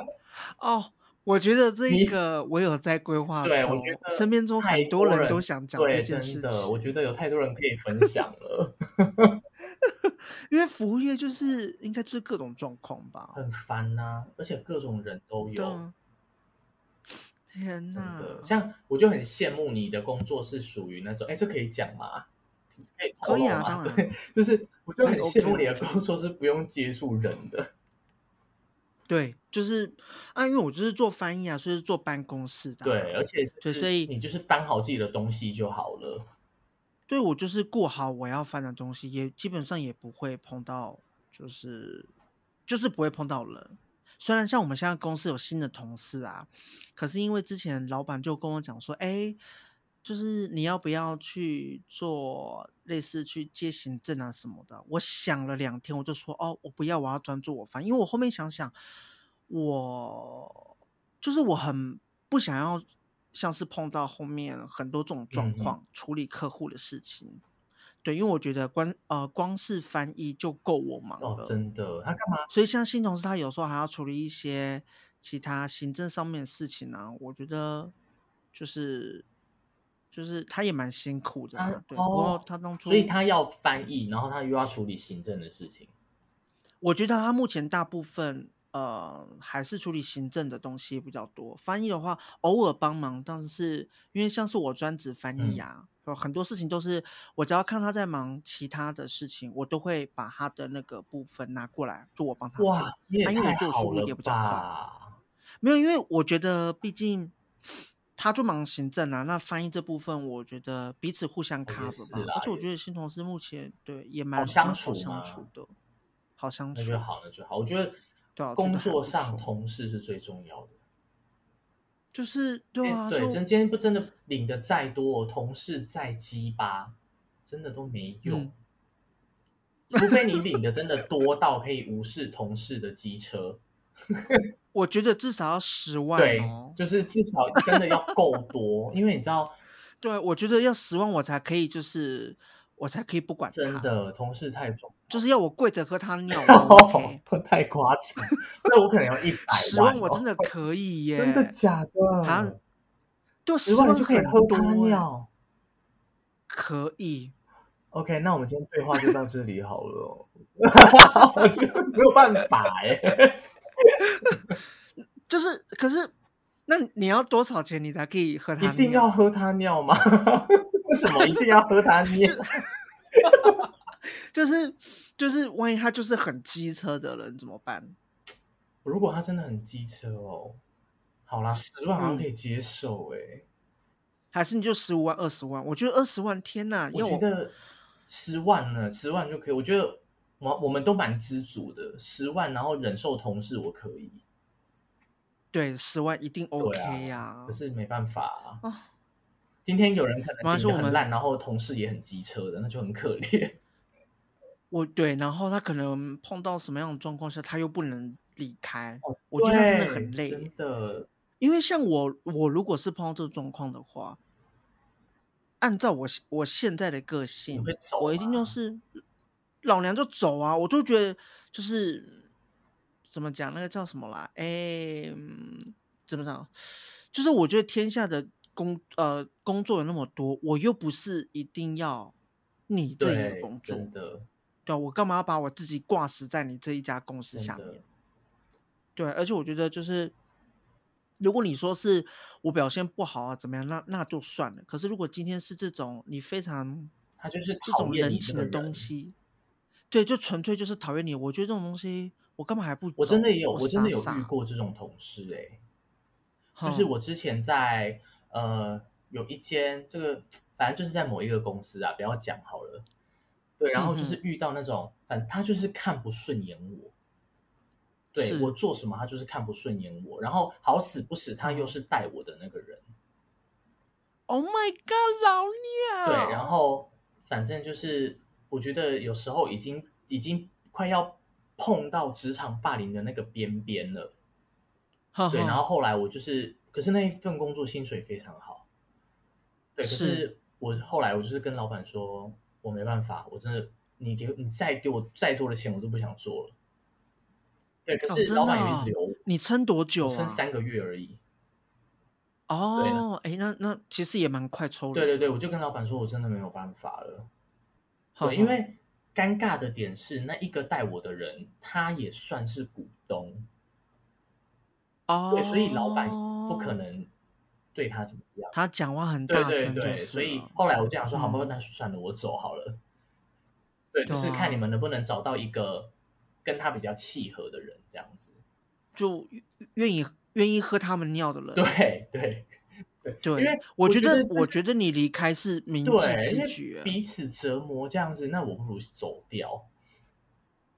哦，我覺得這一個我有在規劃。對，我覺得太身邊中很多人都想講這件事情。對，真的，我覺得有太多人可以分享了。哈哈，因為服務業就是應該就是各種狀況吧。很煩吶、啊，而且各種人都有。天哪，像我就很羨慕你的工作是屬於那種，哎、欸，這可以講嗎？可以，啊，可以，對，就是我就很羨慕你的工作是不用接觸人的。Okay, okay. 對，就是啊，因為我就是做翻譯啊，所以是做辦公室的、啊。對，而且、就是對，所以你就是翻好自己的東西就好了。對，我就是過好我要翻的東西也，也基本上也不會碰到，就是就是不會碰到人。雖然像我們現在公司有新的同事啊。可是因為之前老板就跟我講說，哎、欸，就是你要不要去做類似去接行政啊什麼的？我想了兩天，我就說，哦，我不要，我要專注我翻。因為我後面想想，我就是我很不想要，像是碰到後面很多這種狀況，嗯嗯嗯，處理客戶的事情。對，因為我覺得光呃光是翻譯就夠我忙的。哦，真的，他幹嘛？所以像新同事，他有時候還要處理一些。其他行政上面的事情呢、啊，我覺得就是就是他也蠻辛苦的，啊、對。哦、他當初，所以他要翻譯，然後他又要處理行政的事情。我覺得他目前大部分呃還是處理行政的東西比較多，翻譯的話偶爾幫忙，但是因為像是我專職翻譯啊，有、嗯、很多事情都是我只要看他在忙其他的事情，我都會把他的那個部分拿過來，就我幫他做。哇，也也啊、因為我做書也比較大。沒有，因為我覺得畢竟他就忙行政啊，那翻譯這部分我覺得彼此互相 cover 吧。而且我覺得新同事目前也對也蠻好相處的，好相處,好相處。那就好了，就好。我覺得工作上同事是最重要的。就是對啊，的就是、對,啊對，真今天不真的領的再多，同事再雞巴，真的都沒用。嗯、除非你領的真的多到可以無視同事的機車。 我覺得至少要十萬、哦、對，就是至少真的要夠多， 因為你知道，對我覺得要十萬我才可以，就是我才可以不管真的，同事太瘋，就是要我跪着喝他尿。太誇張，我可能要一百萬。 十萬我真的可以耶， 真的假的？像、啊、就十萬就可以喝他尿。 可以。OK，那我們今天對話就到這裡好了、哦。哈哈哈沒有辦法耶、哎。 就是，可是，那你要多少錢你才可以喝他尿？一定要喝他尿嗎？ 為什麼一定要喝他尿？ 就是、就是、就是，萬一他就是很機車的人，怎麼辦？如果他真的很機車哦，好啦，十萬可以接受誒、欸。還是你就十五萬、二十萬？我覺得二十萬，天哪！因為我，我覺得十萬呢，十萬就可以。我覺得我我們都蠻知足的，十萬然後忍受同事，我可以。對，十萬一定 OK 啊。啊可是沒辦法啊，啊。今天有人可能很爛，然後同事也很機車的，那就很可憐。我，對，然後他可能碰到什麼樣的狀況下，他又不能離開、哦。我覺得他真的很累，真的。因為像我，我如果是碰到這個狀況的話，按照我我現在的個性，我一定就是老娘就走啊！我就覺得就是。怎麼講？那個叫什麼啦？哎、欸嗯，怎麼講？就是我覺得天下的工呃工作有那麼多，我又不是一定要你這一個工作對，對，我幹嘛要把我自己掛死在你這一家公司下面？對，而且我覺得就是，如果你說是我表現不好啊怎麼樣，那那就算了。可是如果今天是這種你非常，他就是這種人情的東西，對，就純粹就是討厭你。我覺得這種東西。我根本還不，我真的也有我傻傻，我真的有遇過這種同事哎、欸,就是我之前在呃有一間這個，反正就是在某一個公司啊，不要講好了。對，然後就是遇到那種，嗯、反正他就是看不順眼我，對我做什麼他就是看不順眼我，然後好死不死他又是帶我的那個人。Oh my god，老鳥。對，然後反正就是我覺得有時候已經已經快要。碰到職場霸凌的那個邊邊了呵呵，對，然後後來我就是，可是那一份工作薪水非常好，對，是可是我後來我就是跟老闆說，我沒辦法，我真的，你給，你再給我再多的錢，我都不想做了，對，可是老闆也一直留我、哦哦，你撐多久、啊？撐三個月而已，哦，哎、欸，那那其實也蠻快抽了，對對對，我就跟老板說我真的沒有辦法了，好，因為。尷尬的點是，那一個帶我的人，他也算是股東，哦、oh，對，所以老板不可能對他怎麼樣。他講話很大聲，對，對，對，所以後來我就想說，好不好，那算了，我走好了。嗯。對，就是看你們能不能找到一個跟他比較契合的人，這樣子。就願意願意喝他們尿的人。對對。對，因為我覺得，我覺得，我覺得你離開是明智之舉。對，彼此折磨這樣子，那我不如走掉。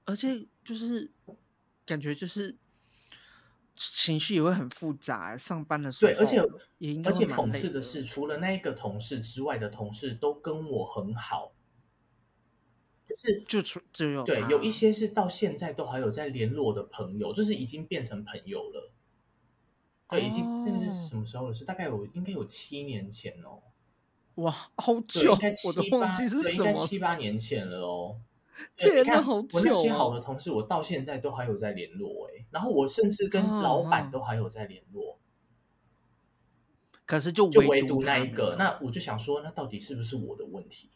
而且就是感覺就是情緒也會很複雜。上班的時候的，對，而且也應該，而且諷刺的是，除了那一個同事之外的同事都跟我很好。就是就出只有對，有一些是到現在都還有在聯絡的朋友，就是已經變成朋友了。對，已經甚至是什麼時候的事？啊、大概有應該有七年前哦。哇，好久！對，應該七八，對，應該七八年前了哦。真那好久、啊欸，我那些好的同事，我到現在都還有在聯絡哎、欸。然後我甚至跟老板都還有在聯絡啊啊。可是就就唯獨那一個，那我就想說，那到底是不是我的問題？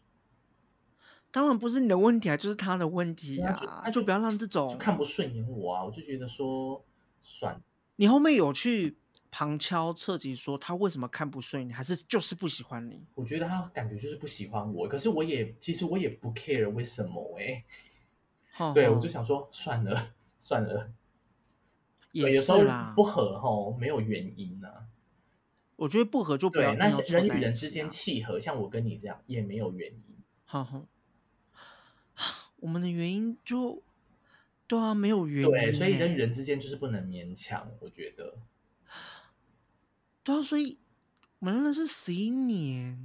當然不是你的問題啊，就是他的問題啊。那就，那就，就不要讓這種就，就看不順眼我啊，我就覺得說，算你後面有去。旁敲側擊說他為什麼看不順你，還是就是不喜歡你？我覺得他感覺就是不喜歡我，可是我也其實我也不 care 為什麼哎、欸。好，對我就想說算了算了。也是有時候不合吼，沒有原因吶、啊。我覺得不合就不要、啊、那人與人之間契合，像我跟你這樣也沒有原因呵呵。我們的原因就對啊，沒有原因、欸。對，所以人與人之間就是不能勉強，我覺得。對啊，所以我們認識十一年，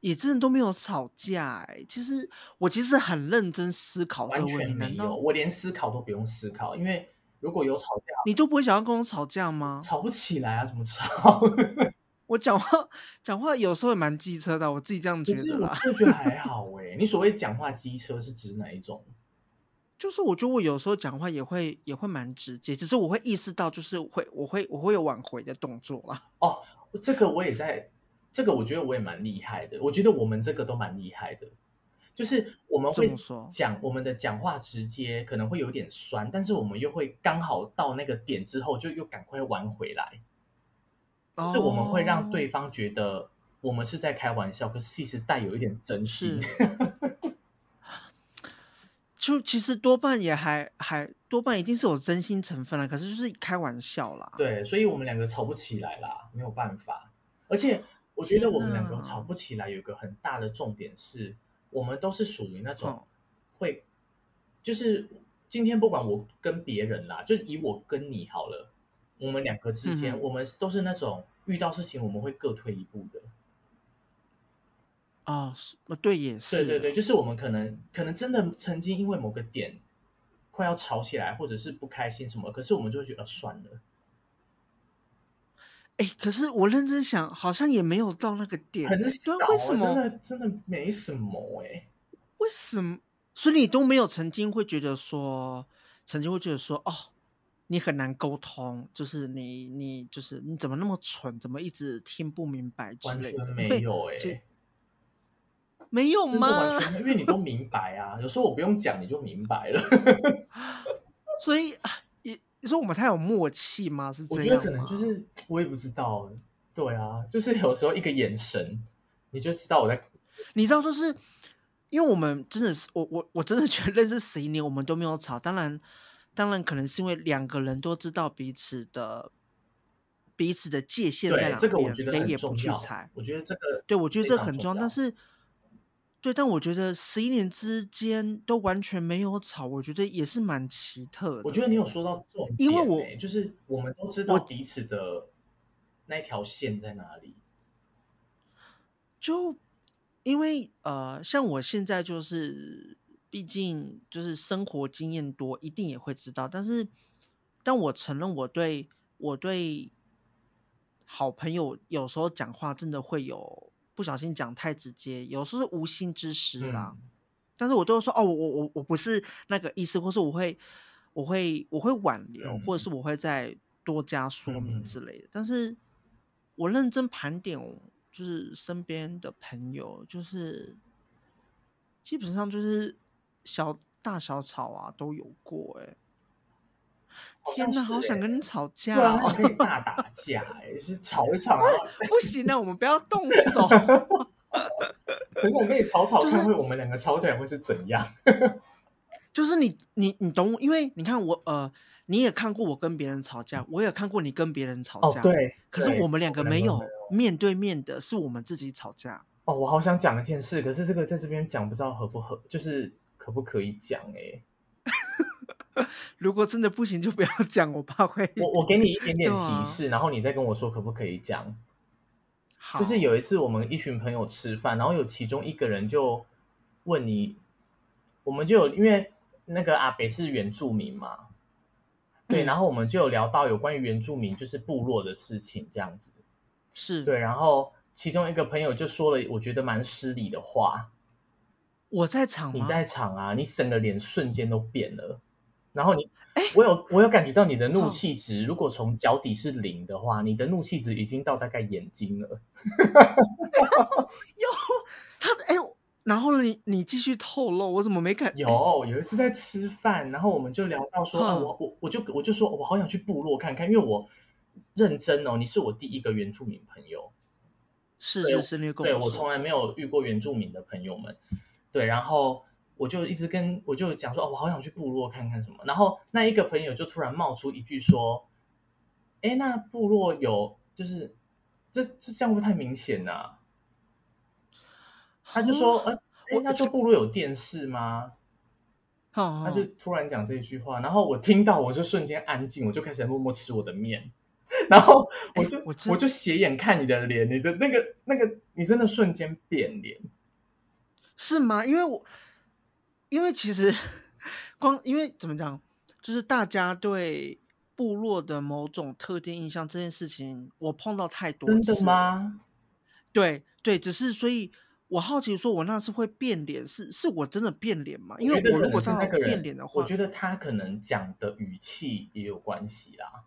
也真的都沒有吵架哎。其實我其實很認真思考這個問題，完全沒有，我連思考都不用思考。因為如果有吵架，你都不會想要跟我吵架嗎？吵不起來啊，怎麼吵？ 我講話講話有時候也蠻機車的，我自己這樣覺得啦。可是我就覺得還好誒 你所謂講話機車是指哪一種？就是我覺得我有時候講話也會也會蠻直接，只是我會意識到就是會我會我會有挽回的動作啦。哦，這個我也在，這個我覺得我也蠻厲害的。我覺得我們這個都蠻厲害的，就是我們會講我們的講話直接可能會有點酸，但是我們又會剛好到那個點之後就又趕快玩回來，哦，就是我們會讓對方覺得我們是在開玩笑，可是其實帶有一點真心。就其實多半也還還多半一定是有真心成分啦，可是就是開玩笑啦。對，所以我們兩個吵不起來啦，沒有辦法。而且我覺得我們兩個吵不起來，有個很大的重點是，啊、我們都是屬於那種會、哦，就是今天不管我跟別人啦，就以我跟你好了，我們兩個之間、嗯，我們都是那種遇到事情我們會各退一步的。啊，是，對，也是。對對對，就是我們可能，可能真的曾經因為某個點快要吵起來，或者是不開心什麼，可是我們就會覺得算了。哎、欸，可是我認真想，好像也沒有到那個點，很少。為什麼？真的真的沒什麼哎、欸。為什麼？所以你都沒有曾經會覺得說，曾經會覺得說，哦，你很難溝通，就是你你就是你怎麼那麼蠢，怎麼一直聽不明白之類的？完全沒有哎、欸。沒有嗎沒有？因為你都明白啊， 有時候我不用講你就明白了。 所以啊，你說我們太有默契嗎？是這樣嗎？我覺得可能就是我也不知道。對啊，就是有時候一個眼神你就知道我在。你知道就是因為我們真的是我我我真的覺得認識十一年我們都沒有吵，當然當然可能是因為兩個人都知道彼此的彼此的界限在哪邊，誰、這個、也不去猜。我覺得這個重要，對，我覺得這個很重要，但是。對，但我覺得十一年之間都完全沒有吵，我覺得也是蠻奇特的。我覺得你有說到重點欸，因為我就是我們都知道彼此的那條線在哪裡。就因為呃，像我現在就是，畢竟就是生活經驗多，一定也會知道。但是，但我承認，我對我對好朋友有時候講話真的會有。不小心講太直接，有時候是無心之失啦，嗯。但是我都說，哦，我我我我不是那個意思，或是我會我會我會挽留，嗯，或者是我會再多加說明之類的，嗯。但是我認真盤點我，就是身邊的朋友，就是基本上就是小大小吵啊都有過哎，欸。天吶，好想跟你吵架啊！對啊，可以大打架，哎、！ 啊，是吵一吵不行了、啊，我們不要動手。 可是我們可以吵吵看，會我們兩個吵起來會是怎樣，就是？就是你、你、你懂我？因為你看我，呃，你也看過我跟別人吵架，我也看過你跟別人吵架，哦對。對。可是我們兩個沒有面對面的是，我們兩個沒有面對面的是我們自己吵架。哦，我好想講一件事，可是這個在這邊講不知道合不合，就是可不可以講？哎。 如果真的不行就不要講，我怕會。我我給你一點點提示、啊，然後你再跟我說可不可以講。好。就是有一次我們一群朋友吃飯，然後有其中一個人就問你，我們就有因為那個阿北是原住民嘛、嗯，對，然後我們就有聊到有關於原住民就是部落的事情這樣子。是。對，然後其中一個朋友就說了我覺得蠻失禮的話。我在場嗎？你在場啊，你整個臉瞬間都變了。然後你，欸、我有我有感覺到你的怒氣值，哦，如果從腳底是零的話，你的怒氣值已經到大概眼睛了。喲 他哎，欸，然後你你繼續透露，我怎麼沒感，欸？有有一次在吃飯，然後我們就聊到說，哦，啊我我我就我就說，我好想去部落看看，因為我認真哦，你是我第一個原住民朋友，是是是你，對，我從來沒有遇過原住民的朋友們，嗯，對，然後。我就一直跟我就講說，哦，我好想去部落看看什麼。然後那一個朋友就突然冒出一句說，哎，那部落有就是這這這樣不太明顯吶、啊。他就說，哎、嗯，哎，那這部落有電視嗎？好，他就突然講這句話。好好。然後我聽到，我就瞬間安靜，我就開始默默吃我的麵。然後、哎、我就我，我就斜眼看你的臉，你的那個那個，你真的瞬間變臉。是嗎？因為我。因為其實光因為怎麼講，就是大家對部落的某種特定印象這件事情，我碰到太多。真的嗎？對對，只是所以，我好奇說，我那是會變臉，是是我真的變臉嗎？因為我如果是那個變臉的話，我覺得他可能講的語氣也有關係啦。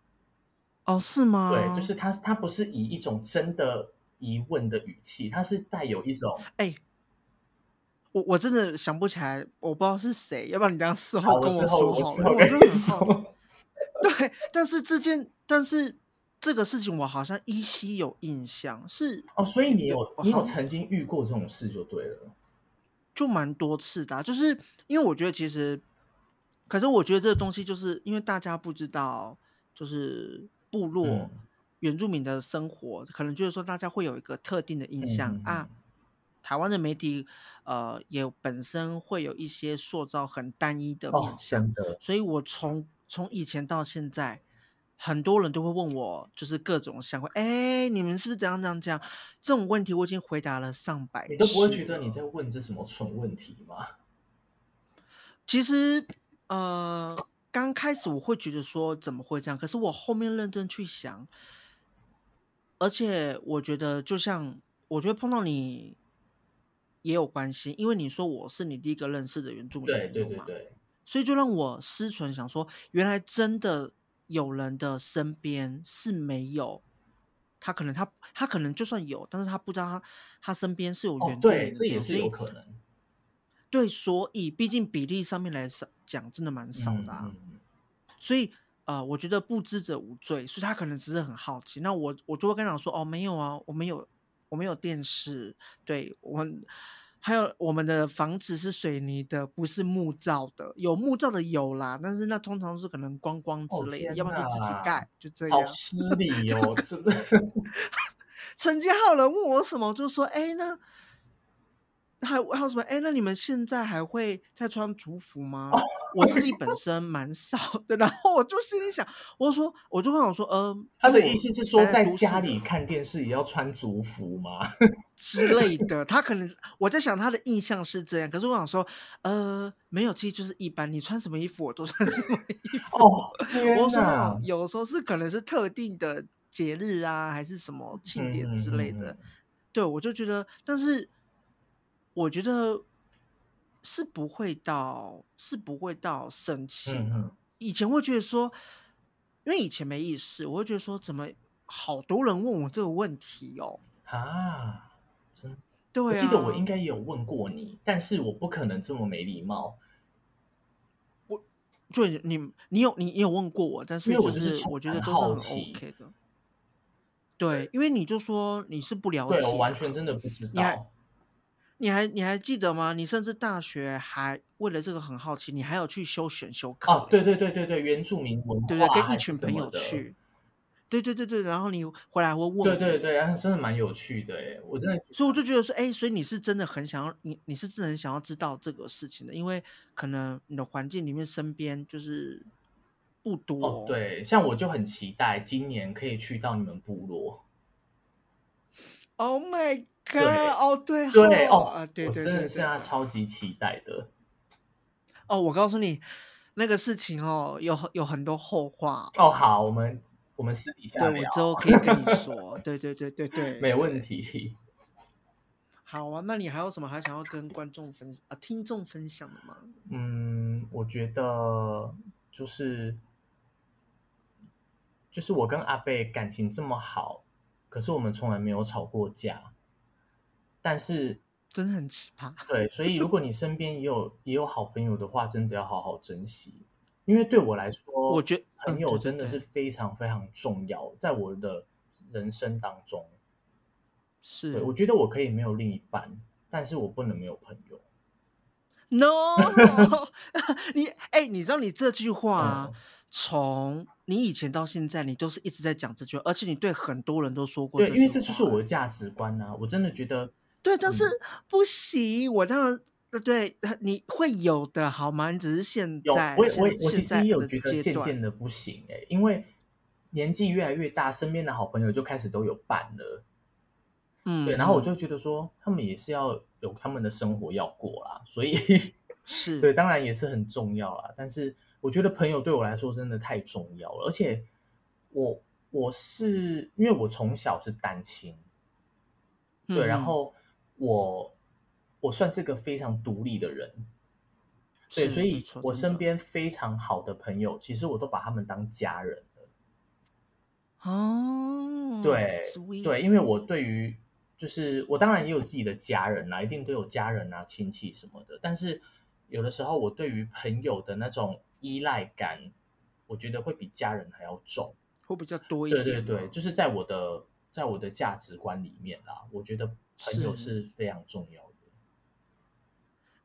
哦，是嗎？對，就是他他不是以一種真的疑問的語氣，他是帶有一種，哎。我我真的想不起來，我不知道是誰，要不然你這樣私號跟我說好。私號，私號。 對，但是這件，但是這個事情我好像依稀有印象，是哦，所以你有、嗯、你有你有曾經遇過這種事就對了，就蠻多次的，啊，就是因為我覺得其實，可是我覺得這個東西就是因為大家不知道，就是部落原住民的生活，嗯、可能就是說大家會有一個特定的印象，嗯、啊。台灣的媒體，呃，也本身會有一些塑造很單一的，面、哦、相的。所以我從，我從從以前到現在，很多人都會問我，就是各種想法。哎、欸，你們是不是怎樣怎樣這樣，這種問題我已經回答了上百次了，你都不會覺得你在問這什麼蠢問題嗎？其實，呃，剛開始我會覺得說怎麼會這樣，可是我後面認真去想，而且我覺得就像我覺得碰到你。也有關係，因為你說我是你第一個認識的原住民對，對對對，所以就讓我思存想說，原來真的有人的身邊是沒有，他可能他他可能就算有，但是他不知道他他身邊是有原住民。哦，對這也是有可能，對，所以畢竟比例上面來講，講真的蠻少的啊，嗯嗯所以啊，呃，我覺得不知者無罪，所以他可能只是很好奇，那我我就會跟他說，哦，沒有啊，我沒有我沒有電視，對我。還有我們的房子是水泥的，不是木造的。有木造的有啦，但是那通常是可能觀光之類的，哦、要不然你自己蓋就這樣。好失禮哦， 真的。 曾經還有人問我什麼，就說：“哎，那……”還還有什麼？哎、欸，那你們現在還會再穿族服嗎？哦、我自己本身蠻少的， 然後我就心裡想，我就說，我就想說，嗯、呃，他的意思是說，在家裡看電視也要穿族服嗎？ 之類的，他可能我在想他的印象是這樣，可是我想說，呃，沒有，其實就是一般，你穿什麼衣服我都穿什麼衣服，哦，我說有時候是可能是特定的節日啊，還是什麼慶典之類的，嗯嗯嗯嗯。對，我就覺得，但是。我覺得是不會到，是不會到生氣、嗯。以前我會覺得說，因為以前沒意思我會覺得說，怎麼好多人問我這個問題哦？啊？對，我記得我應該也有問過你、啊，但是我不可能這麼沒禮貌。我對，你你有你也有問過我，但是我是我覺得都是很、OK、的我是很好奇，對，因為你就說你是不了解，對對，我完全真的不知道。你還你還記得嗎？你甚至大學還為了這個很好奇，你還有去修選修課。啊、哦，對對對對對，原住民文化，對對，跟一群朋友去。對對對對，然後你回來會問我。對，對對對，啊，真的蠻有趣的哎，我真的、嗯。所以我就覺得說，哎、欸，所以你是真的很想要你你是真的很想要知道這個事情的，因為可能你的環境裡面身邊就是不多、哦哦。對，像我就很期待今年可以去到你們部落。Oh my。哥對哦，對對哦啊，對、哦呃、對，真的是在超級期待的。哦，我告訴你，那個事情哦，有有很多後話。哦，好，我們我們私底下對，我之後可以跟你說。 對對對對對。沒問題。好啊，那你還有什麼還想要跟觀眾分享啊？聽眾分享的嗎？嗯，我覺得就是就是我跟阿貝感情這麼好，可是我們從來沒有吵過架。但是真的很奇葩。對，所以如果你身邊也有 也有好朋友的話，真的要好好珍惜。因為對我來說，我覺朋友真的是非常非常重要，嗯、對對對，在我的人生當中。是，我覺得我可以沒有另一半，但是我不能沒有朋友。No， 你哎、欸，你知道你這句話、啊嗯，從你以前到現在，你都是一直在講這句話，而且你對很多人都說過這句話。對，因為這就是我的價值觀啊！我真的覺得。對，但是不行，嗯、我這樣，對，你會有的，好嗎？你只是現在，有我我我其實也有覺得漸漸的不行哎、欸，因為年紀越來越大，身邊的好朋友就開始都有伴了，嗯，對，然後我就覺得說，他們也是要有他們的生活要過啦，所以是 對，當然也是很重要啦，但是我覺得朋友對我來說真的太重要了，而且我我是因為我從小是單親，對，嗯、然後。我我算是個非常獨立的人，對，所以我身邊非常好的朋友，其實我都把他們當家人了。哦、啊，對對，因為我對於就是我當然也有自己的家人啦，一定都有家人啊、親戚什麼的。但是有的時候，我對於朋友的那種依賴感，我覺得會比家人還要重，會比較多一點。對對對，就是在我的在我的價值觀裡面啦，我覺得。是，是非常重要的。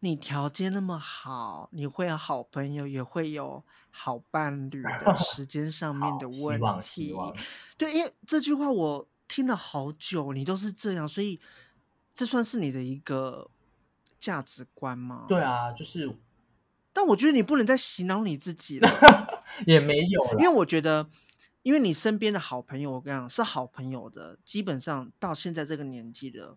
你條件那麼好，你會有好朋友，也會有好伴侶的。時間上面的問題。 對，因為這句話我聽了好久，你都是這樣，所以這算是你的一個價值觀嗎？對啊，就是。但我覺得你不能再洗腦你自己了。 也沒有，因為我覺得，因為你身邊的好朋友，我跟你講是好朋友的，基本上到現在這個年紀的。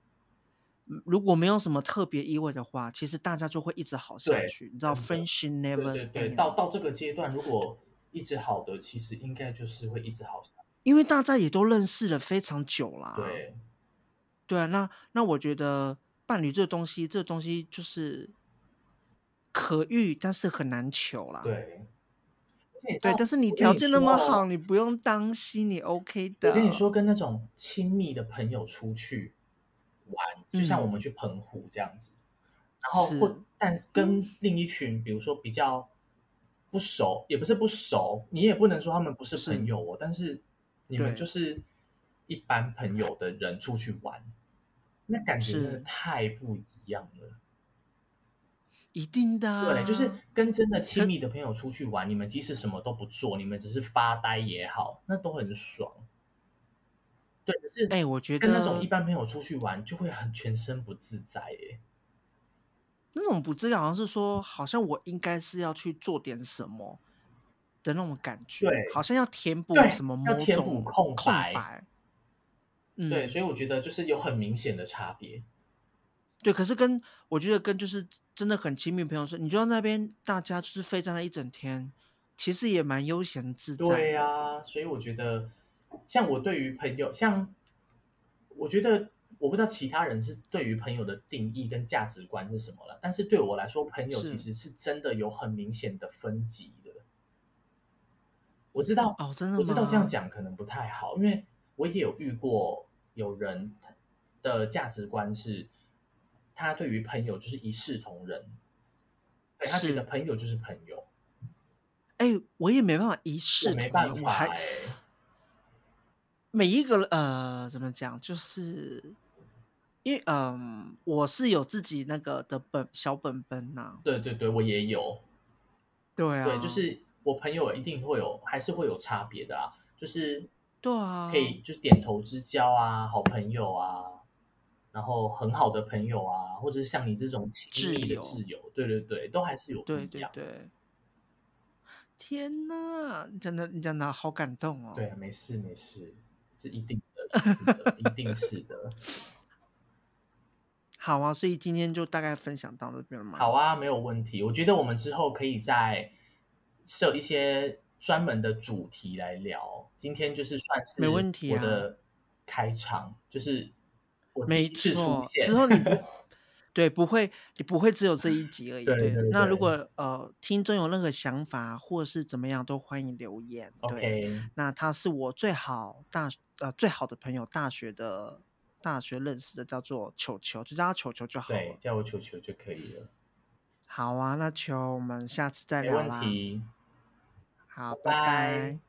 如果沒有什麼特別意味的話，其實大家就會一直好下去。你知道，friendship never。對，對對。到到這個階段，如果一直好的，其實應該就是會一直好下去。因為大家也都認識了非常久啦。對。對啊，那那我覺得伴侶這個東西，這個東西就是可遇，但是很難求啦。對。對，但是你條件那麼好，你，你不用擔心，你 OK 的。我跟你說，跟那種親密的朋友出去。玩，就像我們去澎湖這樣子，嗯、然後或但是跟另一群、嗯，比如說比較不熟，也不是不熟，你也不能說他們不是朋友哦，是但是你們就是一般朋友的人出去玩，那感覺真的太不一樣了，一定的，對，就是跟真的親密的朋友出去玩，嗯，你們即使什麼都不做，你們只是發呆也好，那都很爽。對，可是哎，我覺得跟那種一般朋友出去玩，欸，就會很全身不自在哎。那種不自在好像是說，好像我應該是要去做點什麼的那種感覺。對，好像要填補什麼空，要填補空白，空白。嗯，對，所以我覺得就是有很明顯的差別。對，可是跟我覺得跟就是真的很親密的朋友說，你知道那邊大家就是飛站了一整天，其實也蠻悠閒自在。對呀，啊，所以我覺得。像我對於朋友，像我覺得我不知道其他人是對於朋友的定義跟價值觀是什麼了，但是對我來說，朋友其實是真的有很明顯的分級的。我知道、哦，我知道這樣講可能不太好，因為我也有遇過有人的價值觀是，他對於朋友就是一視同仁、欸，他覺得朋友就是朋友。哎、欸，我也沒辦法一視，沒辦法、欸，每一個呃，怎麼講，就是因為嗯，我是有自己那個的本小本本吶、啊。對對對，我也有。對啊。對，就是我朋友一定會有，還是會有差別的啦、啊。就是對啊，可以就是點頭之交啊，好朋友啊，然後很好的朋友啊，或者是像你這種親密的摯友，對對對，都還是有。對對對。天哪，你真的你真的好感動哦。對啊，沒事沒事。是一定的，的 一定是的。好啊，所以今天就大概分享到這邊嘛。好啊，沒有問題。我覺得我們之後可以再設一些專門的主題來聊。今天就是算是我的開場，沒問題啊，就是每一次出現之後你，你 對不會，你不會只有這一集而已。 對，對對對。那如果呃聽眾有任何想法或是怎麼樣，都歡迎留言。OK。那他是我最好大呃，最好的朋友，大學的大學認識的，叫做球球，就叫他球球就好了。對，叫我球球就可以了。好啊，那球，我們下次再聊啦。沒問題。好，拜拜。Bye bye